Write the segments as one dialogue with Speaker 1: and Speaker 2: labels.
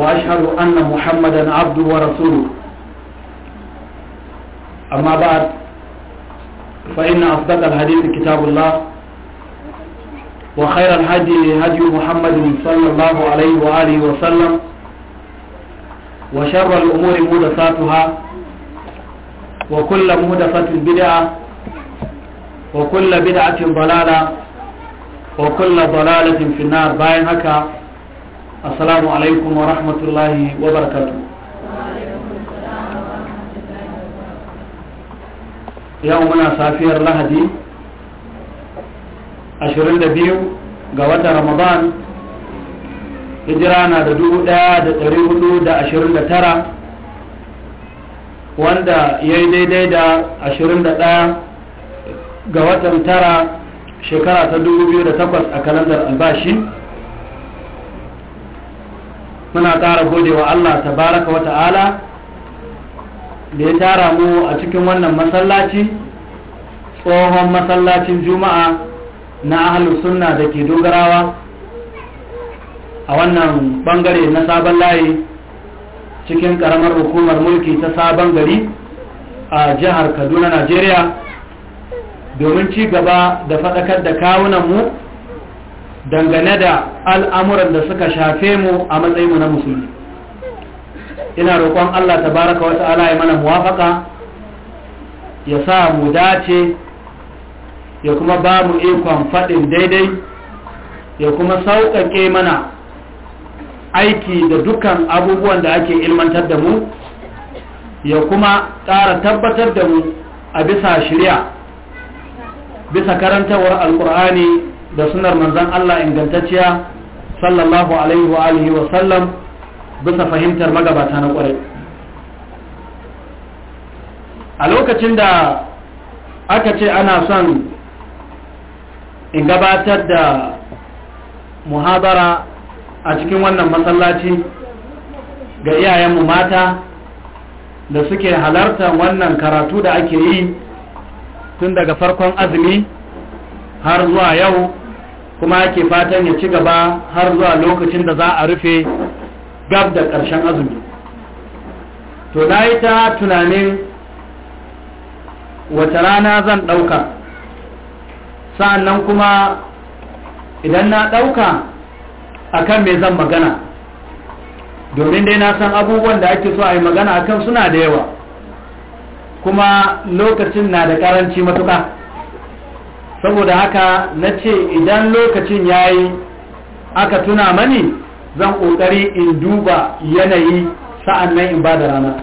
Speaker 1: وأشهد أن محمدا عبده ورسوله أما بعد فإن أصدق الحديث كتاب الله وخير الهدي هدي محمد صلى الله عليه وآله وسلم وشر الأمور مدساتها وكل مدسة بدعة وكل بدعة ضلالة وكل ضلالة في النار باين هكا assalamu alaikum wa rahmatullahi wa barakatuh yau muna safiyar lahadi 22 ga watan ramadan hijira na da 1429 wanda ya yi daidai da 21 ga watan tara shekara ta 2008 a kalandar albashi muna ƙara godewa wa Allah tabaraka wa ta'ala da ya tara mu a cikin wannan masallaci tsohon masallacin juma'a na ahalus sunna da ke dogarawa a wannan bangare na sabon layi cikin ƙaramar hukumar mulki ta sabon gari a jihar kaduna najeriya domin ci gaba da faɗakar da kawunanmu dangane da al'amuran da suka shafe mu a matsayinmu na musulmi ina roƙon Allah ta wata wasu ya mana muwafaka ya sa mu dace ya kuma ba mu ikon faɗin daidai ya kuma sauƙaƙe mana aiki da dukkan abubuwan da ake ilmantar da mu ya kuma ƙara tabbatar da mu a bisa shirya bisa karantawar alƙur'ani da sunar manzan Allah ingantacciya sallallahu alaihi wa alihi wa sallam bisa fahimtar magabata na kwarai a lokacin da aka ce ana son in gabatar da muhabara a cikin wannan masallaci ga iyayenmu mata da suke halarta wannan karatu da ake yi tun daga farkon azumi har zuwa yau kuma ake fatan ya ci gaba har zuwa lokacin da za a rufe gab da ƙarshen azumi to na yi ta tunanin wata rana zan ɗauka sa'annan kuma idan na ɗauka akan me zan magana domin dai na san abubuwan da ake so a yi magana akan suna da yawa kuma lokacin na da ƙaranci matuƙa saboda haka na ce idan lokacin ya yi aka tuna mani zan ƙoƙari in duba yanayi sa'an nan in ba da rana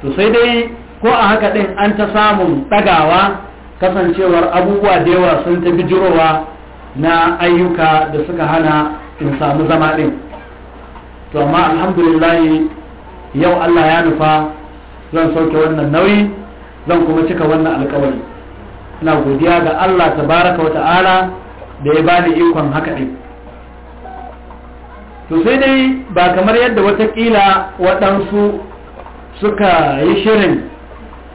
Speaker 1: to sai dai ko a haka ɗin an ta samun ɗagawa kasancewar abubuwa da yawa sun ta bijirowa na ayyuka da suka hana in samu zama ɗin to amma alhamdulillah yau allah ya nufa zan sauke wannan nauyi zan kuma cika wannan alkawari ina godiya ga Allah tabaraka wa ta'ala da ya bani ikon haka ne. to sai dai ba kamar yadda watakila waɗansu suka yi shirin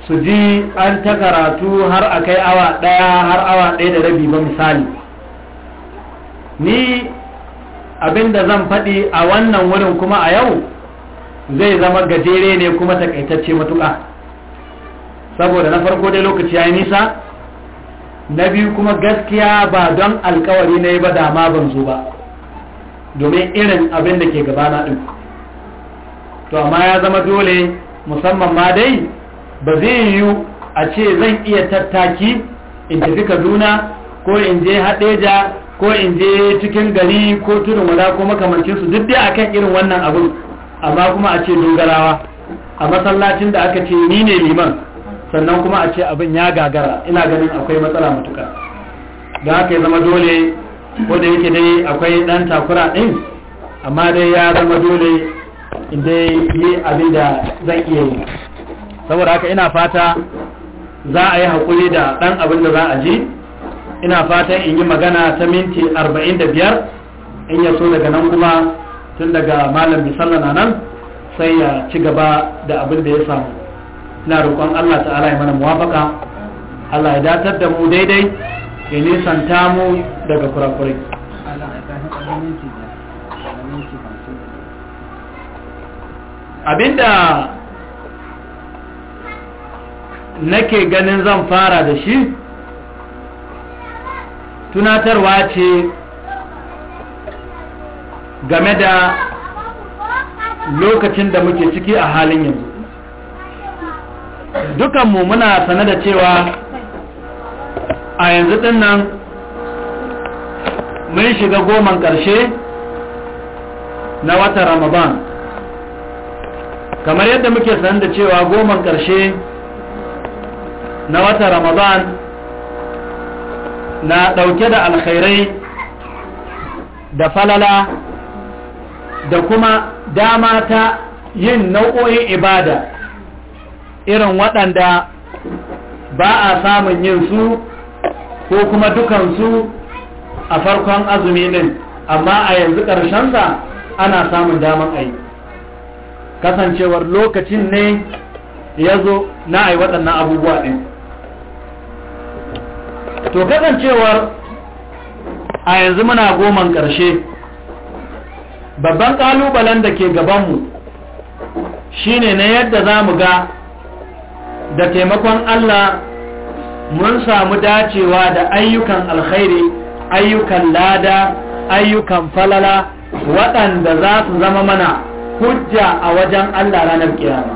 Speaker 1: su ji an ta karatu har a kai awa ɗaya har awa ɗaya da rabi ba misali ni abinda zan faɗi a wannan wurin kuma a yau zai zama gajere ne kuma takaitacce matuƙa saboda na farko dai lokaci ya yi nisa na biyu kuma gaskiya ba don alkawari na yi ba dama ma ban zo ba domin irin abin da ke gabana ɗin to amma ya zama dole musamman ma dai ba zai yiwu a ce zan iya tattaki in tafi kaduna ko in je haɗeja ko in je cikin gari ko tudun wada ko makamancin su duk dai akan irin wannan abin amma kuma a ce dogarawa a masallacin da aka ce ni ne liman sannan kuma a ce abin ya gagara ina ganin akwai matsala matuka da haka ya zama dole ko da yake dai akwai dan takura din amma dai ya zama dole in dai yi abin da zan iya yi saboda haka ina fata za a yi haƙuri da ɗan abin da za a ji ina fata in yi magana ta minti arba'in da biyar, in ya so daga nan kuma tun daga malam misalla na nan sai ya ci gaba da abin da ya samu ina roƙon Allah ta'ala ya mana muwafaka Allah ya datar da mu daidai ya nisanta mu daga kurakurai abinda nake ganin zan fara da shi tunatarwa ce
Speaker 2: game da lokacin da muke
Speaker 1: ciki a halin yanzu dukanmu muna sane da cewa a yanzu din nan mun shiga goman ƙarshe na watan ramadan kamar yadda muke sane da cewa goman ƙarshe na watan ramadan na ɗauke da alkhairai da falala da kuma dama ta yin nau'o'in ibada irin waɗanda ba a samun yin su ko kuma dukansu a farkon azumi ne, amma a yanzu ƙarshensa ana samun daman ai kasancewar lokacin ne ya zo na ai waɗannan abubuwa ɗin to kasancewar a yanzu muna goman ƙarshe babban ƙalubalen da ke gabanmu shine na yadda za mu ga da taimakon Allah mun samu dacewa da ayyukan alkhairi ayyukan lada ayyukan falala waɗanda za su zama mana hujja a wajen Allah ranar kiyama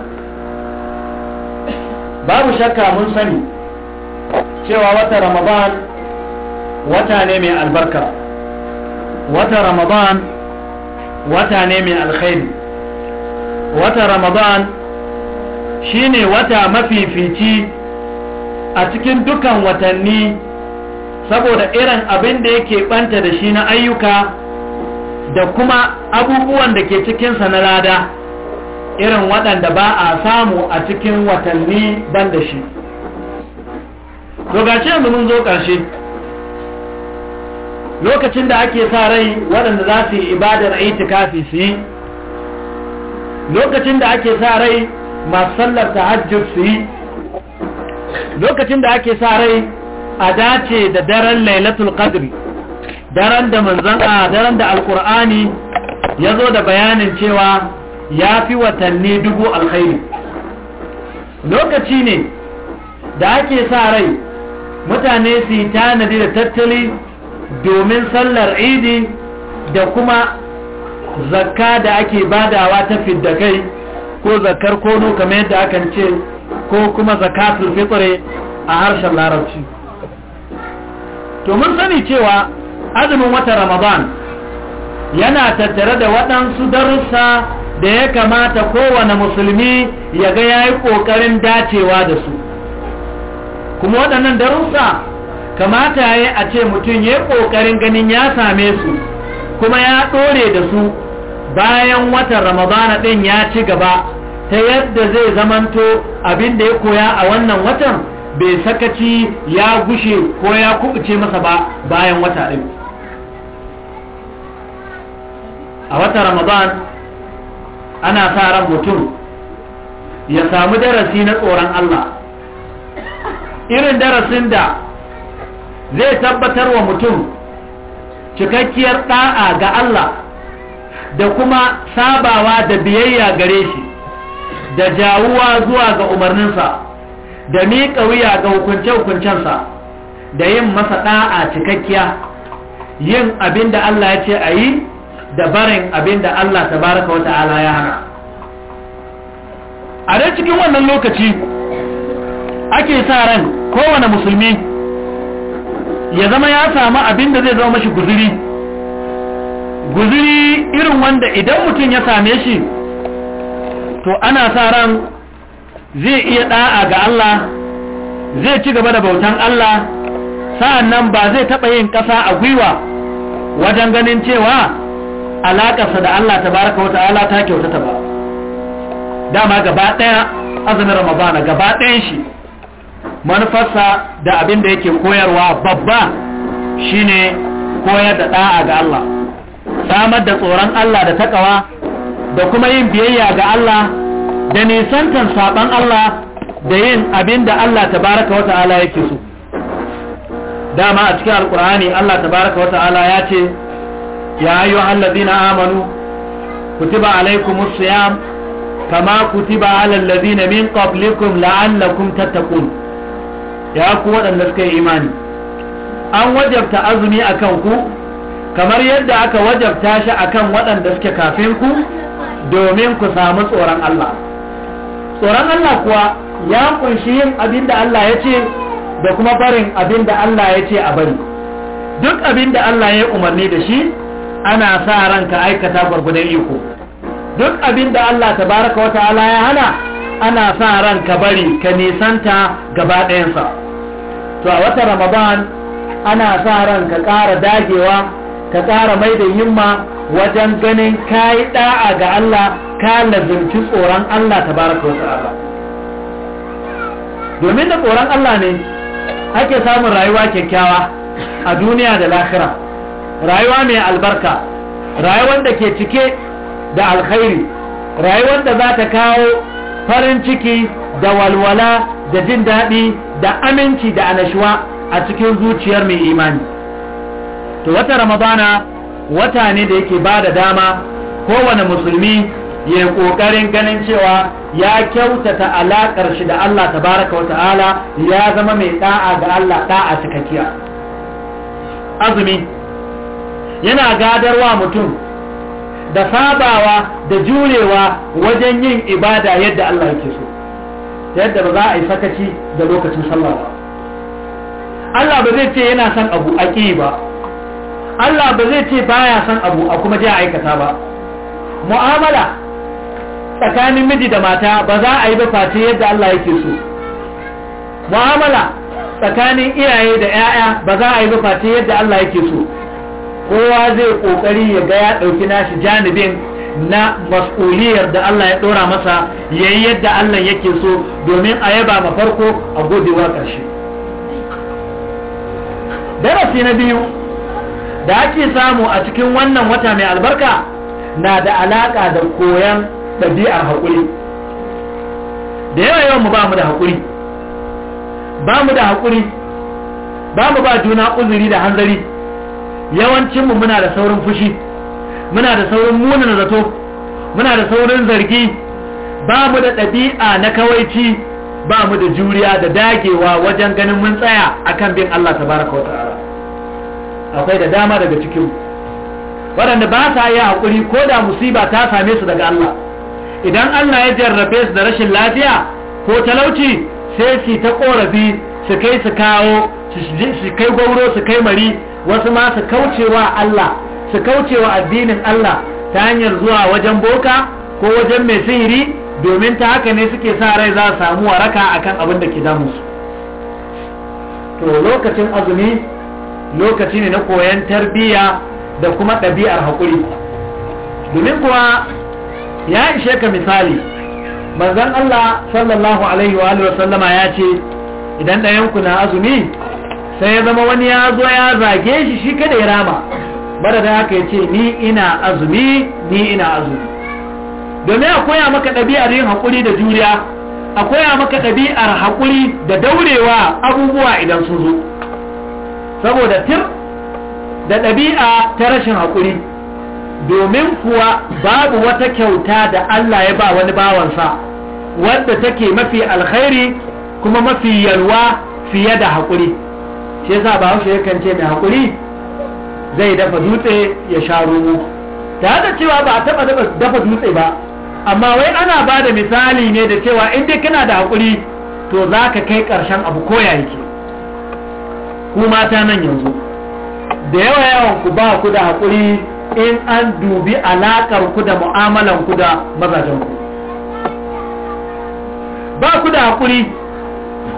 Speaker 1: babu shakka mun sani cewa wata ramadan wata ne mai albarka wata ramadan wata ne mai alkhairi wata ramadan shine wata mafifici a cikin dukan watanni saboda irin abin da yake banta da shi na ayyuka da kuma abubuwan da ke cikinsa na lada irin waɗanda ba a samu a cikin watanni ban da shi To ga ce mun zo ƙarshe lokacin da ake sa rai waɗanda za su yi ibadar itikafi su yi lokacin da ake sa rai masu sallar tahajjud su yi lokacin da ake sa rai a dace da daren lailatul qadri daren da manzan a daren da alkur'ani ya zo da bayanin cewa ya fi watanni dubu alkhairi lokaci ne da ake sa rai mutane su yi tanadi da tattali domin sallar idi da kuma zakka da ake badawa ta fidda kai ko zakar kono kamar yadda akan ce ko kuma zakatul fitr a harshen larabci to mun sani cewa azumin wata ramadan yana tattare da waɗansu darussa da ya kamata kowane musulmi ya ga ya yi ƙoƙarin dacewa da su kuma waɗannan darussa kamata ya yi a ce mutum ya yi ƙoƙarin ganin ya same su kuma ya ɗore da su bayan watan ramadana ɗin ya ci gaba ta yadda zai zamanto abin da ya koya a wannan watan bai sakaci ya gushe ko ya kubuce masa ba bayan wata ɗin a wata ramadan ana sa ran mutum ya samu darasi na tsoron Allah irin darasin da zai tabbatar wa mutum cikakkiyar ɗa'a ga Allah da kuma sabawa da biyayya gare shi da jawuwa zuwa ga umarninsa da miƙa wuya ga hukunce-hukuncensa da yin masa ɗa'a cikakkiya yin abin da Allah ya ce a yi da barin abin da Allah tabaraka wa ta'ala ya hana a dai cikin wannan lokaci ake sa ran kowane musulmi ya zama ya samu abin da zai zama mashi guziri guziri irin wanda idan mutum ya same shi to ana sa ran zai iya da'a ga Allah zai ci gaba da bautan Allah sa'an nan ba zai taɓa yin ƙasa a gwiwa wajen ganin cewa sa da Allah ta baraka wata ala ta kyautata ba dama gaba ɗaya azumin ramadana gaba dayan shi manufarsa da abin da yake koyarwa babba shine koyar da ɗa'a ga Allah samar da tsoron Allah da takawa da kuma yin biyayya ga Allah da nisantar saban Allah da yin abin da Allah tabaraka wa ta'ala yake so dama a cikin alkur'ani Allah tabaraka wa ta'ala ya ce ya ayyu alladhina amanu kutiba alaykumus siyam kama kutiba alal ladina min qablikum la'allakum tattaqun ya ku waɗanda suka yi imani an wajabta azumi akan ku kamar yadda aka wajabta shi akan waɗanda suke kafin ku domin ku samu tsoron Allah tsoron Allah kuwa ya kunshi yin abin da Allah ya ce da kuma barin abin da Allah ya ce a bari duk abin da Allah ya umarni da shi ana sa ranka aikata gwargwadon iko duk abin da Allah tabaraka wata ta'ala ya hana ana sa ranka bari ka nisanta gaba ɗayansa to a watan ramadan ana sa ranka ƙara dagewa ka tsara mai da himma wajen ganin ka yi ɗa'a ga Allah ka lazimci tsoron Allah ta baraka wasu Allah domin da tsoron Allah ne ake samun rayuwa kyakkyawa a duniya da lahira rayuwa mai albarka rayuwar da ke cike da alkhairi rayuwar da za ta kawo farin ciki da walwala da jin daɗi da aminci da anashuwa a cikin zuciyar mai imani to wata ramadana wata ne da yake ba da dama kowane musulmi ya ƙoƙarin ganin cewa ya kyautata alakar shi da Allah tabaraka wata'ala ya zama mai ɗa'a ga Allah da'a cikakkiya azumi yana gadarwa mutum da sabawa da jurewa wajen yin ibada yadda Allah yake so yadda ba za a yi sakaci da lokacin sallah ba Allah ba zai ce yana son abu aƙi ba Allah ba zai ce baya san abu a kuma je aikata ba mu'amala tsakanin miji da mata ba za a yi ba face yadda Allah yake so mu'amala tsakanin iyaye da 'ya'ya ba za a yi ba face yadda Allah yake so kowa zai kokari ya ga ya dauki nashi janibin na mas'uliyar da Allah ya dora masa yayi yadda Allah yake so domin a yaba ma farko a godewa ƙarshe darasi na biyu da ake samu a cikin wannan wata mai albarka na da alaka da koyan ɗabi'ar haƙuri da yawa yawan mu ba mu da haƙuri ba mu da haƙuri ba mu ba juna uzuri da hanzari yawancinmu muna da saurin fushi muna da saurin munin zato muna da saurin zargi ba mu da ɗabi'a na kawaici ba mu da juriya da dagewa wajen ganin mun tsaya akan bin Allah Ta baraka ta'ala akwai da dama daga cikin waɗanda ba sa yi haƙuri ko da musiba ta same su daga Allah idan Allah ya jarrabe su da rashin lafiya ko talauci sai su ta korafi su kai su kawo su kai gauro su kai mari wasu ma su kaucewa Allah su kaucewa addinin Allah ta hanyar zuwa wajen boka ko wajen mai sihiri domin ta haka ne suke sa rai za su samu waraka akan abin da ke damu su to lokacin azumi lokaci ne na koyan tarbiya da kuma ɗabi'ar haƙuri domin kuwa ya ishe ka misali manzon Allah sallallahu alaihi wa sallama ya ce idan ɗayanku na azumi sai ya zama wani ya zo ya zage shi shi kada ya rama bada da haka ya ce ni ina azumi ni ina azumi domin a koya maka ɗabi'ar yin haƙuri da juriya a koya maka ɗabi'ar haƙuri da daurewa abubuwa idan sun zo saboda tir da ɗabi'a ta rashin haƙuri domin kuwa babu wata kyauta da Allah ya ba wani bawansa wanda take mafi alkhairi kuma mafi yalwa fiye da haƙuri shi yasa ba haushe yakan ce mai haƙuri zai dafa dutse ya sha rumu ta da cewa ba a taɓa dafa dutse ba amma wai ana ba da misali ne da cewa in dai kana da haƙuri to za ka kai ƙarshen abu ko yake ku mata nan yanzu da yawa yawan ku ba ku da haƙuri in an dubi alaƙar ku da mu'amalan ku da mazajen ku ba ku da haƙuri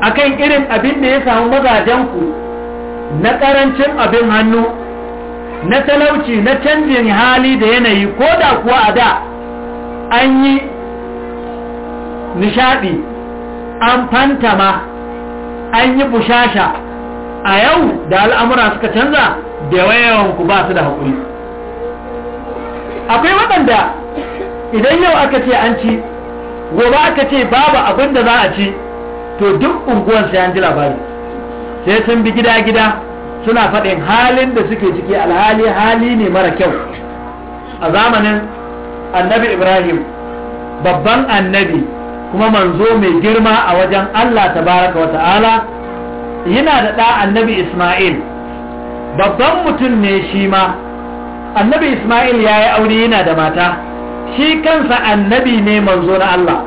Speaker 1: akan irin abin da ya samu mazajen ku na ƙarancin abin hannu na talauci na canjin hali da yanayi ko da kuwa a da an yi nishaɗi an fantama an yi bushasha a yau da al'amura suka canza da yawan ku ba su da haƙuri akwai waɗanda idan yau aka ce an ci gobe aka ce babu abin da za a ci to duk unguwar sai an ji labari sai sun bi gida-gida suna faɗin halin da suke ciki alhali hali ne mara kyau a zamanin annabi ibrahim babban annabi kuma manzo mai girma a wajen allah tabaraka wata'ala yana da ɗa annabi Ismail babban mutum ne shi ma annabi Ismail ya yi aure yana da mata shi kansa annabi ne manzo na Allah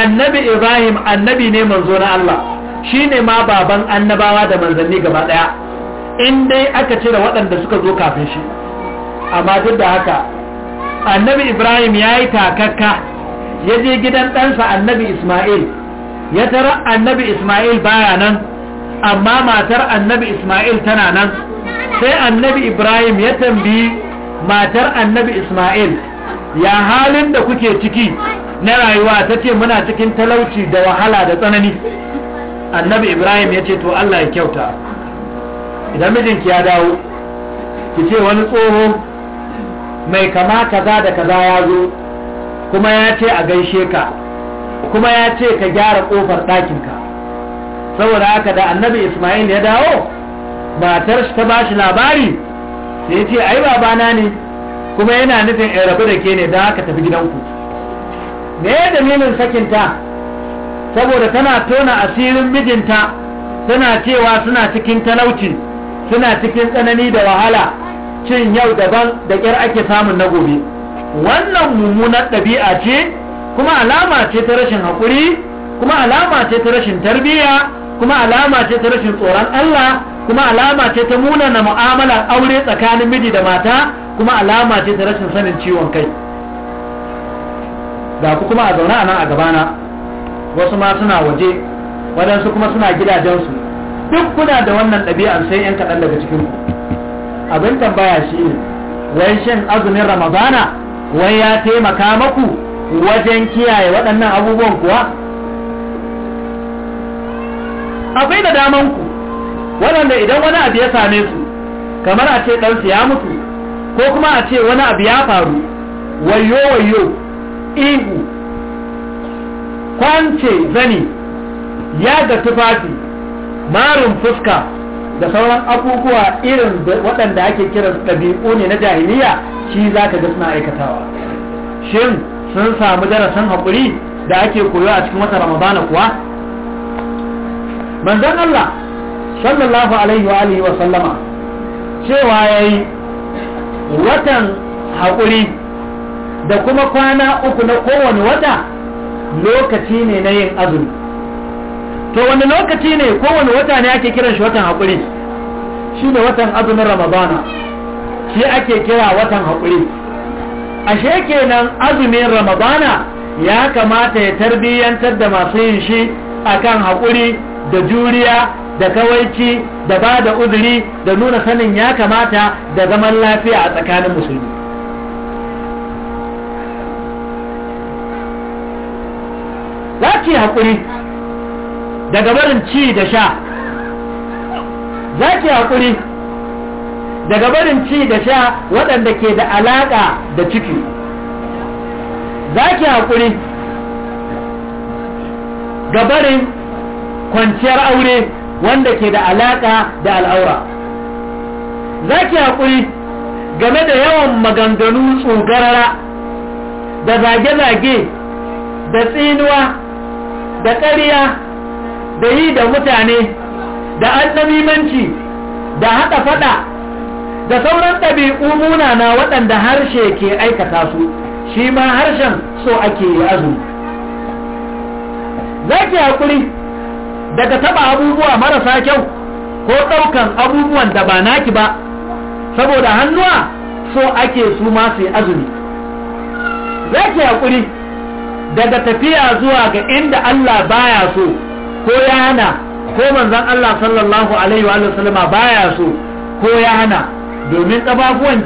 Speaker 1: annabi Ibrahim annabi ne manzo na Allah shi ne ma baban annabawa da manzanni gaba ɗaya in dai aka cire waɗanda suka zo kafin shi amma duk da haka annabi Ibrahim ya yi takakka ya je gidan ɗansa annabi Ismail ya tara annabi Ismail baya nan amma matar annabi ismail tana nan sai annabi ibrahim ya tambayi matar annabi ismail ya halin da kuke ciki na rayuwa ta ce muna cikin talauci da wahala da tsanani annabi ibrahim ya ce to allah ya kyauta idan mijinki ya dawo ki ce wani tsoho mai kama kaza da kaza ya zo kuma ya ce a gaishe ka kuma ya ce ka gyara ƙofar ɗakinka saboda haka da annabi ismail ya dawo matar shi ta bashi labari sai ce ai babana ne kuma yana nufin in rabu da ke ne don haka tafi gidanku me ya dalilin sakinta saboda tana tona asirin mijinta tana cewa suna cikin talauci suna cikin tsanani da wahala cin yau daban da ƙyar ake samun na gobe wannan mummunar ɗabi'a ce kuma alama ce ta rashin haƙuri kuma alama ce ta rashin tarbiyya kuma alama ce ta rashin tsoron Allah kuma alama ce ta munana mu'amalar aure tsakanin miji da mata kuma alama ce ta rashin sanin ciwon kai da ku kuma a zauna a nan a gabana wasu ma suna waje waɗansu kuma suna gidajensu duk kuna da wannan ɗabi'ar sai 'yan kaɗan daga cikin abin tambaya shi ne wai shin azumin ramadana wai ya taimaka maku wajen kiyaye waɗannan abubuwan kuwa akwai da daman ku waɗanda idan wani abu ya same su kamar a ce ɗansu ya mutu ko kuma a ce wani abu ya faru wayo wayo ihu kwance zani ya ga tufafi marin fuska da sauran abubuwa irin waɗanda ake kiransu ɗabi'u ne na jahiliya shi za ka ga suna aikatawa shin sun samu darasin haƙuri da ake koyo a cikin wata ramadana kuwa manzan Allah sallallahu alaihi wa alihi wa sallama cewa yayi watan haƙuri da kuma kwana uku na kowane wata lokaci ne na yin azumi to wani lokaci ne kowane wata ne ake kiran shi watan haƙuri shi ne watan azumin ramadana shi ake kira watan haƙuri ashe kenan azumin ramadana ya kamata ya tarbiyyantar da masu yin shi akan haƙuri da juriya da kawaici da ba da uzuri da nuna sanin ya kamata da zaman lafiya a tsakanin musulmi za ki haƙuri daga barin ci da sha za ki haƙuri daga ci da sha waɗanda ke da alaƙa da ciki za ki haƙuri gabarin kwanciyar aure wanda ke da alaƙa da al'aura za ki haƙuri game da yawan maganganu tsogarara da zage-zage da tsinuwa da ƙarya da yi da mutane da annabimanci da haɗa faɗa da sauran ɗabi'u muna na waɗanda harshe ke aikata su shi ma harshen so ake yi azumi za ki haƙuri daga taba abubuwa marasa kyau ko ɗaukan abubuwan da ba naki ba saboda hannuwa so ake su ma su azumi Zaki yi haƙuri daga tafiya zuwa ga inda Allah baya so ko ya hana ko manzan Allah sallallahu alaihi wa sallama baya so ko ya hana domin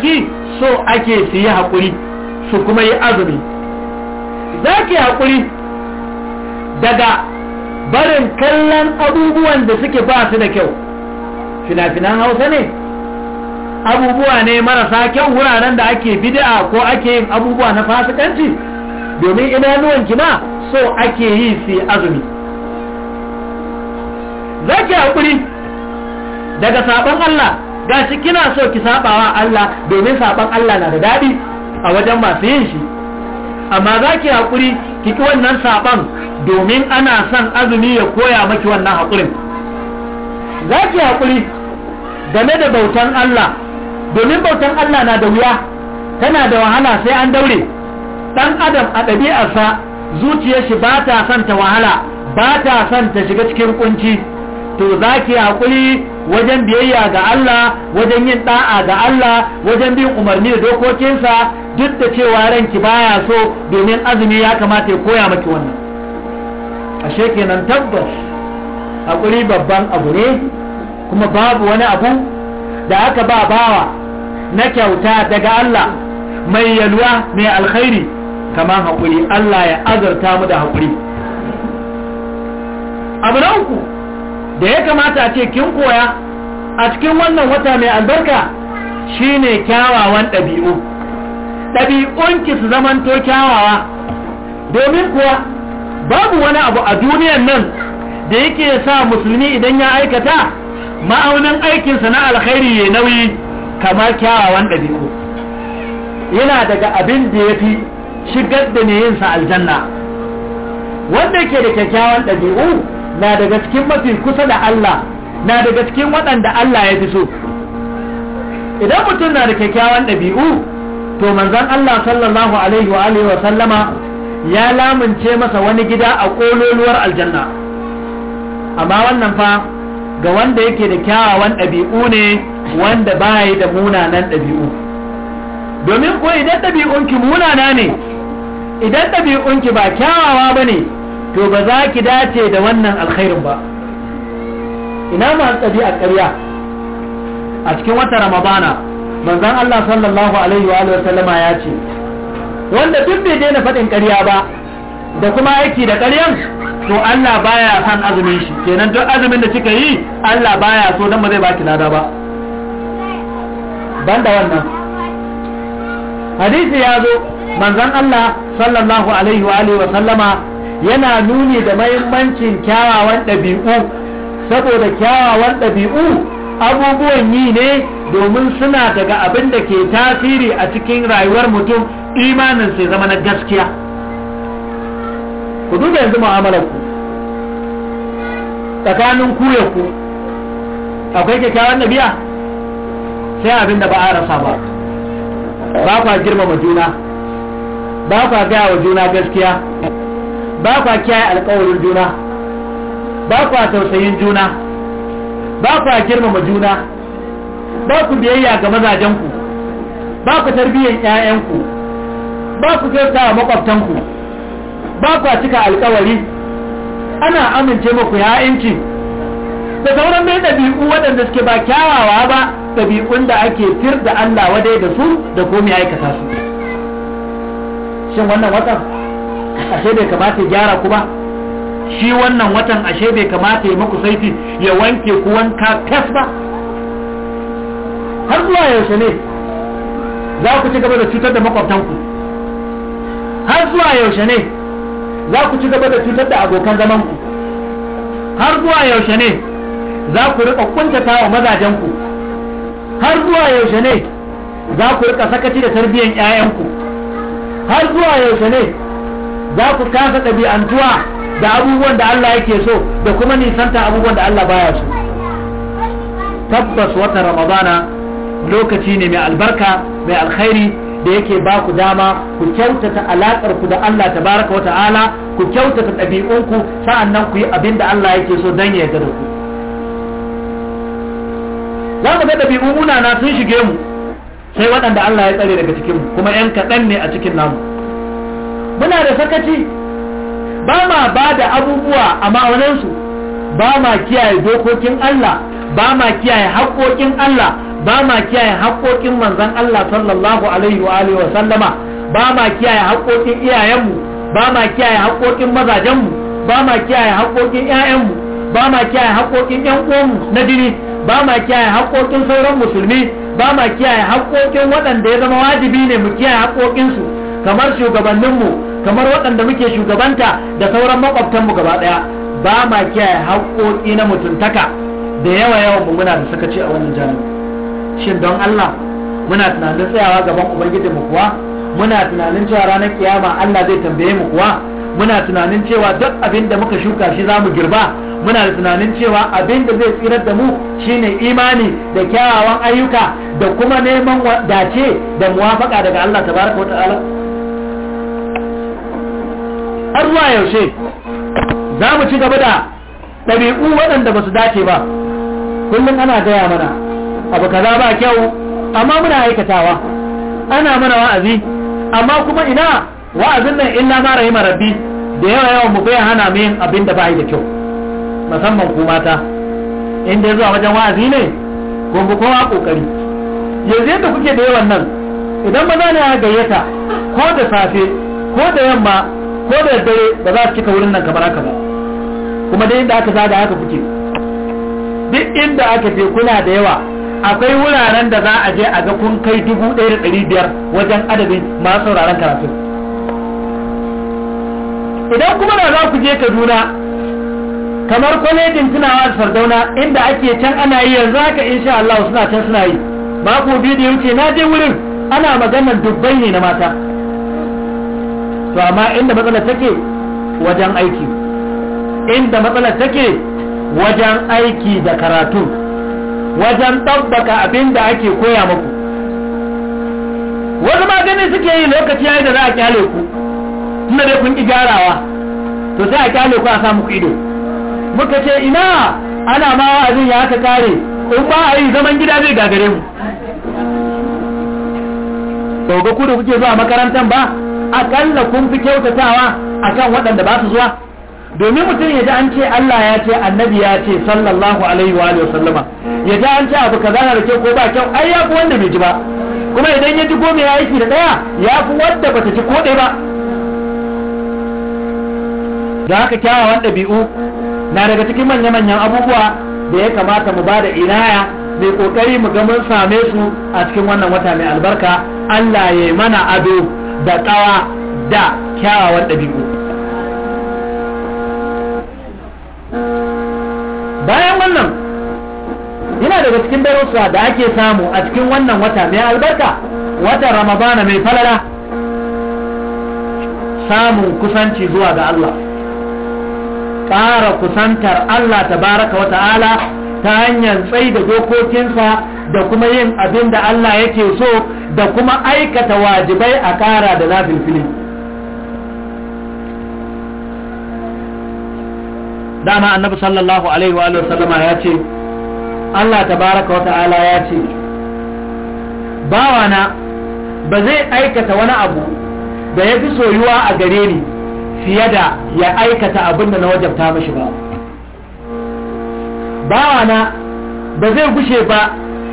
Speaker 1: ki so ake su yi haƙuri su kuma yi azumi Zaki yi haƙuri daga barin kallon abubuwan da suke ba su da kyau fina-finan hausa ne abubuwa ne marasa kyau wuraren da ake bid'a ko ake yin abubuwa na fasikanci domin idanuwan kima so ake yi su azumi za ki haƙuri daga sabon Allah gashi kina so ki sabawa Allah domin sabon Allah na da daɗi a wajen masu yin shi amma za ki haƙuri ki wannan saban domin ana son azumi ya koya maki wannan haƙurin za ki haƙuri game da bautan Allah domin bautan Allah na da wuya tana da wahala sai an daure ɗan adam a ɗabi'arsa zuciyar shi ba ta son ta wahala ba ta son ta shiga cikin kunci to za ki haƙuri wajen biyayya ga Allah wajen yin ɗa'a ga Allah wajen bin umarni da dokokinsa duk da cewa ranki baya so domin azumi ya kamata ya koya maki wannan ashe kenan tabbas hakuri babban abu ne kuma babu wani abu da aka ba bawa na kyauta daga Allah mai yalwa mai alkhairi kama hakuri Allah ya azarta mu da hakuri abu na uku da ya kamata a ce kin koya a cikin wannan wata mai albarka shine kyawawan ɗabi'u ɗabi'unki su zamanto kyawawa domin kuwa babu wani abu a duniyan nan da yake sa musulmi idan ya aikata ma'aunin aikinsa na alkhairi ya nauyi kamar kyawawan ɗabi'u yana daga abin da ya fi shigar da ne yinsa aljanna wanda ke da kyakkyawan ɗabi'u na daga cikin mafi kusa da Allah na daga cikin waɗanda Allah ya fi so idan mutum na da kyakkyawan ɗabi'u to manzon Allah sallallahu alaihi wa alihi wa sallama ya lamunce masa wani gida a ƙololuwar aljanna amma wannan fa ga wanda yake da kyawawan ɗabi'u ne wanda yi da munanan ɗabi'u domin ko idan ɗabi'unki munana ne idan ɗabi'unki ba kyawawa ba ne to ba za ki dace da wannan alkhairin ba ina masu ɗabi'a ƙarya a cikin wata ramadana manzan Allah sallallahu alaihi wa sallama ya ce wanda duk bai daina faɗin ƙarya ba da kuma aiki da ƙaryan to Allah baya san azumin shi kenan duk azumin da kika yi Allah baya so dan ba zai baki lada ba banda wannan hadisi ya zo manzan Allah sallallahu alaihi wa alihi wa sallama yana nuni da mahimmancin kyawawan ɗabi'u saboda kyawawan ɗabi'u abubuwan yi ne domin suna daga abin da ke tasiri a cikin rayuwar mutum imanin sai zama na gaskiya ku duba yanzu mu'amalar ku tsakanin ku ya ku akwai kyakkyawan nabiya sai abin da ba a rasa ba ba kwa girmama juna ba kwa gaya wa juna gaskiya ba kwa kiyaye alkawarin juna ba kwa tausayin juna ba kwa girmama juna ba ku biyayya ga mazajenku ba ku tarbiyyar 'ya'yanku ba ku kyauta wa makwabtanku ba ku cika alkawari ana amince muku ya'yanci da sauran mai ɗabi'u waɗanda suke ba kyawawa ba ɗabi'un da ake fir da Allah wadai da su da komai aikata su shin wannan watan ashe bai kamata ya gyara ku ba shi wannan watan ashe bai kamata ya muku saifi ya wanke ku wanka kas ba har zuwa yaushe ne za ku ci gaba da cutar da makwabtanku har zuwa yaushe ne za ku ci gaba da cutar da abokan zamanku har zuwa yaushe ne za ku riƙa kuntata wa mazajenku har zuwa yaushe ne za ku riƙa sakaci da tarbiyyar 'ya'yanku har zuwa yaushe ne za ku kasa ɗabi'antuwa da abubuwan da Allah yake so da kuma nisanta abubuwan da Allah baya so tabbas wata ramadana lokaci ne mai albarka mai alkhairi da yake ba ku dama ku kyautata alaƙar ku da Allah ta baraka wa ta'ala ku kyautata ɗabi'unku nan ku yi abin da Allah yake so dan ya yarda da ku za mu ga ɗabi'un munana sun shige mu sai waɗanda Allah ya tsare daga cikinmu kuma yan kaɗan ne a cikin namu muna da sakaci ba ma ba da abubuwa a ma'aunansu ba ma kiyaye dokokin Allah ba ma kiyaye haƙoƙin Allah ba ma kiyaye haƙoƙin manzon Allah sallallahu alaihi wa alihi wa sallama ba ma kiyaye haƙoƙin iyayenmu ba ma kiyaye haƙoƙin mazajenmu ba ma kiyaye haƙoƙin ƴaƴanmu ba ma kiyaye haƙoƙin ƴan uwanmu na dini ba ma kiyaye haƙoƙin sauran musulmi ba ma kiyaye haƙoƙin waɗanda ya zama wajibi ne mu kiyaye haƙoƙinsu kamar shugabanninmu kamar waɗanda muke shugabanta da sauran maƙwabtanmu gaba ɗaya ba ma kiyaye haƙoƙi na mutuntaka da yawa yawan mu muna da sakaci a wannan jami'a shin don Allah muna tunanin tsayawa gaban ubangiji mu kuwa muna tunanin cewa ranar kiyama Allah zai tambaye mu kuwa muna tunanin cewa duk abin da muka shuka shi za mu girba muna da tunanin cewa abin da zai tsirar da mu shine imani da kyawawan ayyuka da kuma neman dace da muwafaka daga Allah tabaraka wata'ala har zuwa yaushe za mu ci gaba da ɗabi'u waɗanda ba su dace ba kullum ana gaya mana abu kaza ba kyau amma muna aikatawa ana mana wa'azi amma kuma ina wa'azin nan illa ma rahima rabbi da yawa yawan mu bai hana mu abin da ba da kyau musamman ku mata in dai zuwa wajen wa'azi ne gombe kowa kokari yanzu yadda kuke da yawan nan idan maza ne ya gayyata ko da safe ko da yamma ko da dare ba za su cika wurin nan kamar haka ba kuma dai inda aka zaga haka kuke duk inda aka je kuna da yawa akwai wuraren da za a je a ga kun kai dubu ɗaya da ɗari biyar wajen adadin masu sauraron karatu idan kuma da za ku je kaduna kamar kwalejin tunawa da sardauna inda ake can ana yi yanzu haka insha Allah suna can suna yi mako biyu da ya na je wurin ana maganar dubbai ne na mata to amma inda matsalar take wajen aiki inda matsalar take wajen aiki da karatu wajen tabbaka abin da ake koya muku wani magani suke yi lokaci yayi da za a kyale ku tunda dai kun ki gyarawa to sai a kyale ku a sa muku ido muka ce ina ana ma wa'azin ya aka kare in ba a yi zaman gida zai gagare mu to ga ku da kuke zuwa makarantar ba akalla kun fi kyautatawa akan waɗanda ba su zuwa domin mutum ya ji an ce Allah ya ce annabi ya ce sallallahu alaihi wa alihi wasallama ya ji an ce abu kaza na da kyau ko ba kyau ai ya fi wanda bai ji ba kuma idan ya ji gome ya aiki da daya ya fi wanda bata ji ko dai ba da haka wanda ɗabi'u na daga cikin manya-manyan abubuwa da ya kamata mu bada inaya mai kokari mu ga mun same su a cikin wannan wata mai albarka Allah ya yi mana ado da kawa da kyawawan ɗabi'u bayan wannan yana daga cikin darussa da ake samu a cikin wannan wata mai albarka wata ramadana mai falala samun kusanci zuwa ga Allah ƙara kusantar Allah ta baraka wa ta'ala ta hanyar tsayi da dokokinsa da kuma yin abin da Allah yake so da kuma aikata wajibai a ƙara da lafin filin. dama annabi sallallahu alaihi wa sallama ya ce Allah tabaraka wa ta'ala ya ce bawana ba zai aikata wani abu da ya fi soyuwa a gare ni fiye da ya aikata abin da na wajabta mashi ba bawana ba zai gushe ba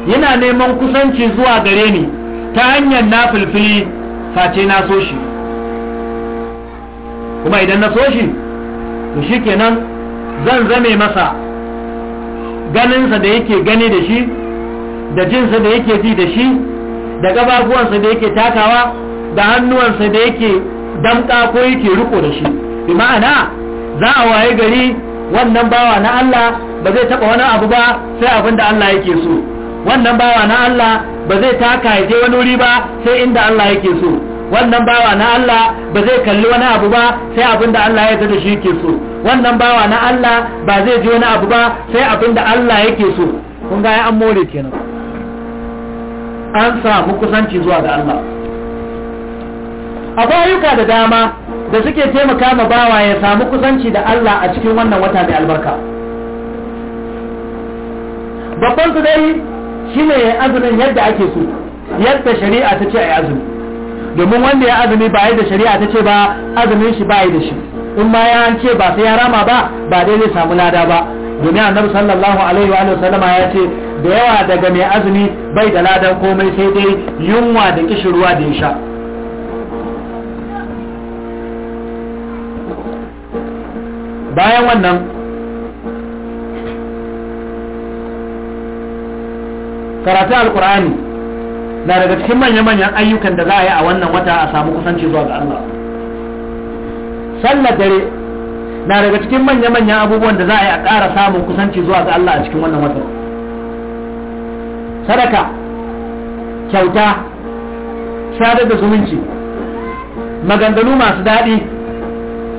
Speaker 1: yana neman kusanci zuwa gare ni ta hanyar na filfili face na so shi kuma idan na so shi to shi kenan zan zame masa ganinsa da yake gani da shi da jinsa da yake ji da shi da gabaguwansa da yake takawa da hannuwansa da yake damka ko yake riko da shi bi ma'ana za a waye gari wannan bawa na Allah ba zai taba wani abu ba sai abin da Allah yake so wannan bawa na Allah ba zai taka ya je wani wuri ba sai inda Allah yake so wannan bawa na Allah ba zai kalli wani abu ba sai abin da Allah ya da shi ke so wannan bawa na Allah ba zai ji wani abu ba sai abin da Allah yake so kun ga an more kenan an samu kusanci zuwa ga Allah akwai ayyuka da dama da suke taimaka ma bawa ya samu kusanci da Allah a cikin wannan wata mai albarka babban su dai shine azumin yadda ake so yadda shari'a ta ce a azumi domin wanda ya azumi ba da shari'a ta ce ba azumin shi ba da shi in ma ya ce ba sai ya rama ba ba dai zai samu lada ba domin annabi sallallahu alaihi wa sallama ya ce da yawa daga mai azumi bai da ladan komai sai dai yunwa da kishirwa da ya sha bayan wannan karatun alkur'ani na daga cikin manya-manyan ayyukan da za a yi a wannan wata a samu kusanci zuwa ga Allah sallar dare na daga cikin manya-manyan abubuwan da za a yi a ƙara samun kusanci zuwa ga Allah a cikin wannan wata sadaka kyauta sadar da zumunci maganganu masu daɗi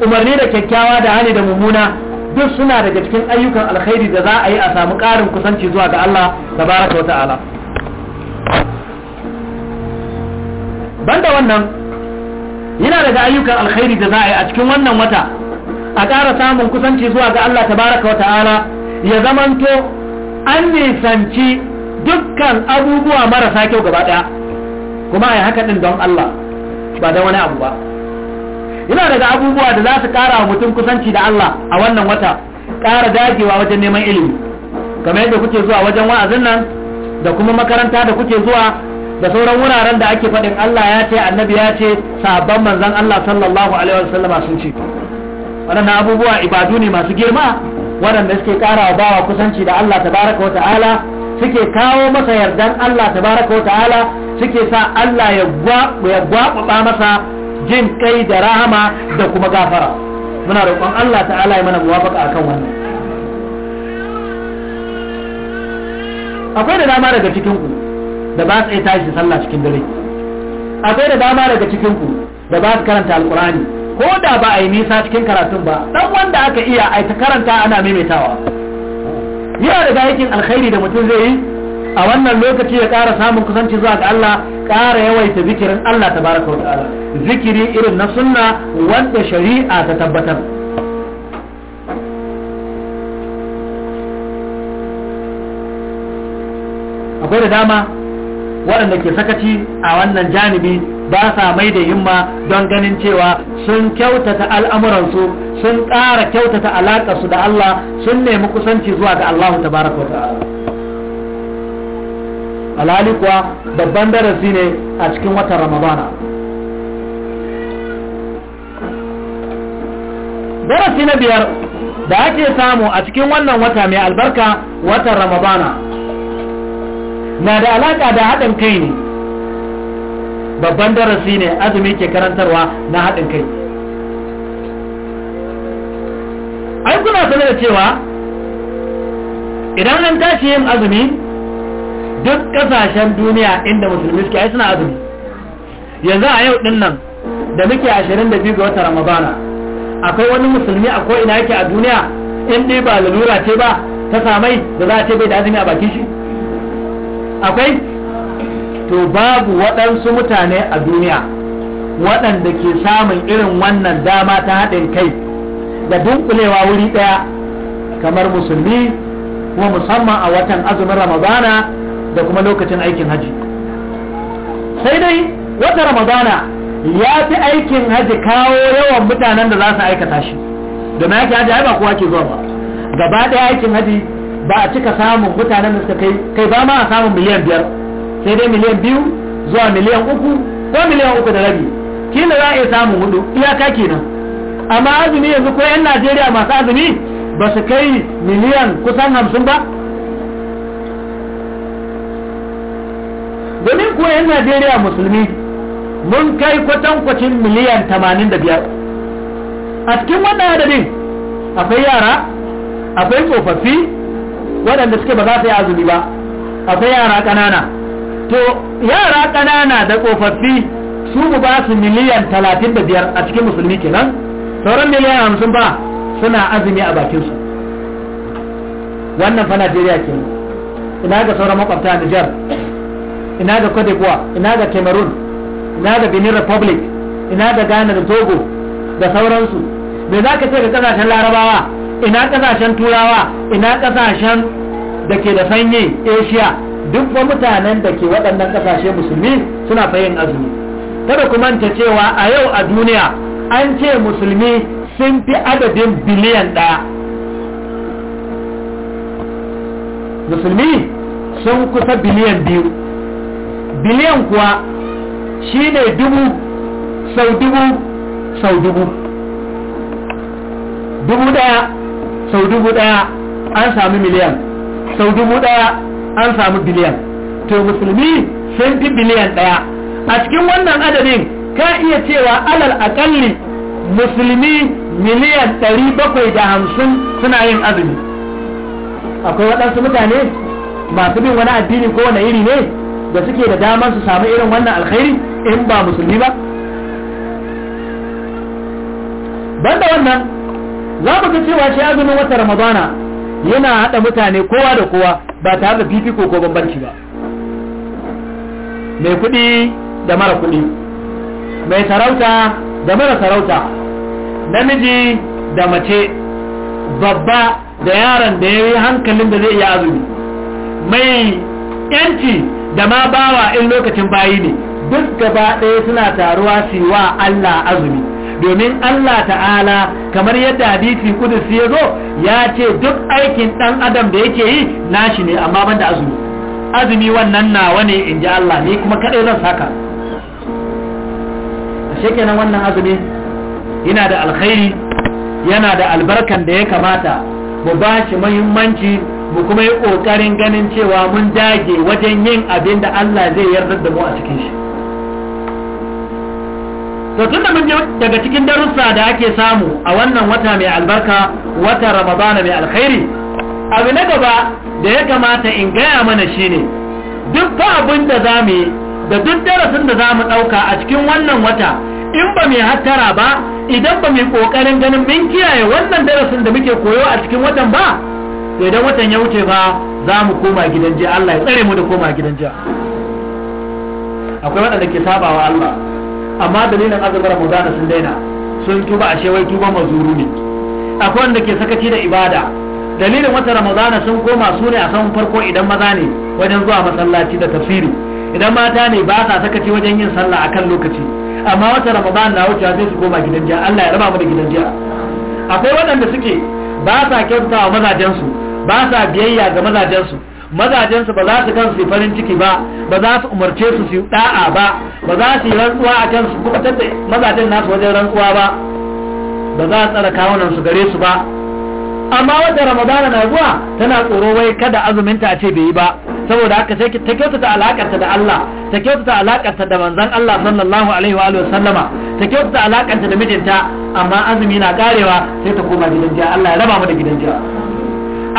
Speaker 1: umarni da kyakkyawa da hali da mummuna duk suna daga cikin ayyukan alkhairi da za a yi a samu ƙarin kusanci zuwa ga Allah tabaraka wa ta'ala banda wannan yana daga ayyukan alkhairi da za a yi a cikin wannan wata a ƙara samun kusanci zuwa ga Allah tabaraka wata'ala ya zamanto an nisanci dukkan abubuwa marasa kyau gaba ɗaya kuma a yi haka ɗin don Allah ba da wani abu ba yana daga abubuwa da za su ƙara wa mutum kusanci da Allah a wannan wata ƙara dagewa wajen neman ilimi kamar yadda kuke zuwa wajen wa'azin nan da kuma makaranta da kuke zuwa da sauran wuraren da ake faɗin Allah ya ce annabi ya ce sabon manzan Allah sallallahu alaihi wasallama sun ce waɗannan abubuwa ibadu ne masu girma waɗanda suke ƙara wa bawa kusanci da Allah tabaraka wa ta'ala suke kawo masa yardan Allah tabaraka wa ta'ala suke sa Allah ya gwaɓaɓa masa jin kai da rahama da kuma gafara muna roƙon Allah ta'ala ya mana muwafaka akan wannan akwai da dama daga cikin ku da ba su iya tashi sallah cikin dare akwai da dama daga cikin ku da ba su karanta alkurani ko da ba a yi nisa cikin karatun ba dan wanda aka iya a ta karanta ana maimaitawa yana da aikin alkhairi da mutum zai yi a wannan lokaci ya ƙara samun kusanci zuwa ga Allah ƙara yawaita zikirin Allah tabaraka wa ta'ala zikiri irin na sunna wanda shari'a ta tabbatar akwai da dama waɗanda ke sakaci a wannan janibi ba sa mai da himma don ganin cewa sun kyautata al'amuransu sun ƙara kyautata alaƙarsu da Allah sun nemi kusanci zuwa ga Allah ta baraka wa alhali kuwa babban darasi ne a cikin watan ramadana darasi na biyar da ake samu a cikin wannan wata mai albarka watan ramadana na da alaka da haɗin kai ne babban darasi ne azumi ke karantarwa na haɗin kai ai kuna sanar da cewa idan an tashi yin azumi duk ƙasashen duniya inda musulmi suke ai suna azumi yanzu a yau ɗin nan da muke ashirin da biyu ga wata ramadana akwai wani musulmi a ko'ina yake a duniya in ɗi ba lalura ce ba ta samai da za a ce bai da azumi a bakin shi akwai to babu waɗansu mutane a duniya waɗanda ke samun irin wannan dama ta haɗin kai da dunkulewa wuri ɗaya kamar musulmi kuma musamman a watan azumin ramadana da kuma lokacin aikin haji sai dai wata ramadana ya fi aikin haji kawo yawan mutanen da za su aikata shi domin aikin haji ba kowa ke zuwa ba gaba ɗaya aikin haji ba a cika samun mutanen da suka kai kai ba ma a samun miliyan biyar sai dai miliyan biyu zuwa miliyan uku ko miliyan uku da rabi kila za a iya samun hudu iyaka kenan amma azumi yanzu ko yan najeriya masu azumi ba su kai miliyan kusan hamsin ba domin ko yan najeriya musulmi mun kai kwatankwacin miliyan tamanin da biyar a cikin wannan adadin akwai yara akwai tsofaffi waɗanda suke ba za su yi azumi ba akwai yara ƙanana to yara ƙanana da tsofaffi su mu ba su miliyan talatin da biyar a cikin musulmi kenan sauran miliyan hamsin ba suna azumi a bakinsu wannan fa najeriya ke ina ga sauran makwabta nijar ina ga cote d'ivoire ina ga cameroon ina ga benin republic ina ga ghana da togo da sauransu me za ka ce ga kasashen larabawa ina kasashen turawa ina kasashen da ke da sanyi asia duk wa mutanen da ke waɗannan ƙasashe musulmi suna fayin azumi kada ku manta cewa a yau a duniya an ce musulmi sun fi adadin biliyan ɗaya musulmi sun kusa biliyan biyu biliyan kuwa shi ne dubu sau dubu sau dubu dubu ɗaya sau dubu ɗaya an sami miliyan sau dubu ɗaya an samu biliyan to musulmi sun fi biliyan ɗaya a cikin wannan adadin ka iya cewa alal akalli musulmi miliyan ɗari bakwai da hamsin suna yin azumi akwai waɗansu mutane masu bin wani addini ko wani iri ne da suke da damar su samu irin wannan alkhairi in ba musulmi ba banda wannan za mu ga cewa shi azumin wata ramadana yana haɗa mutane kowa da kowa ba tare da fifiko ko bambanci ba mai kuɗi da mara kuɗi mai sarauta da mara sarauta namiji da mace babba da yaron da ya yi hankalin da zai iya azumi mai yanci da ma bawa in lokacin bayi ne duk gaba ɗaya suna taruwa su wa Allah azumi domin Allah ta'ala kamar yadda hadisi kudus ya zo ya ce duk aikin dan adam da yake yi nashi ne amma banda azumi azumi wannan nawa ne in ji Allah ni kuma kaɗai zan saka ashe kenan wannan azumi yana da alkhairi yana da albarkan da ya kamata mu ba shi muhimmanci mu kuma yi ƙoƙarin ganin cewa mun dage wajen yin abin da Allah zai yarda da mu a cikin shi to tunda da mun daga cikin darussa da ake samu a wannan wata mai albarka wata ramadana mai alkhairi abu na gaba da ya kamata in gaya mana shine duk fa abin da za da duk darasin da za mu ɗauka a cikin wannan wata in ba mai hattara ba idan ba mai ƙoƙarin ganin mun kiyaye wannan darasin da muke koyo a cikin watan ba idan watan ya wuce ba za mu koma gidan jiya Allah ya tsare mu da koma gidan jiya akwai waɗanda ke sabawa Allah amma dalilin azumin ramadana sun daina sun tuba ashe wai tuba mazuru ne akwai wanda ke sakaci da ibada dalilin wata ramadana sun koma su ne a saman farko idan maza ne wajen zuwa masallaci da tafsiri idan mata ne ba sa sakaci wajen yin sallah akan lokaci amma wata ramadana na wuce sai su koma gidan jiya Allah ya raba mu da gidan jiya akwai waɗanda suke ba sa kyautawa mazajensu ba sa biyayya ga mazajensu mazajensu ba za su kan su farin ciki ba ba za su umarce su su da'a ba ba za su yi rantsuwa a kan su kubatar da mazajen nasu wajen rantsuwa ba ba za su tsara kawunan su gare su ba amma wata ramadana na zuwa tana tsoro wai kada azuminta a ce bai yi ba saboda haka sai ta kyautata alakarta da Allah ta kyautata alakarta da manzon Allah sallallahu alaihi wa sallama ta kyautata alakarta da mijinta amma azumi na karewa sai ta koma gidan jiya Allah ya raba mu da gidan jiya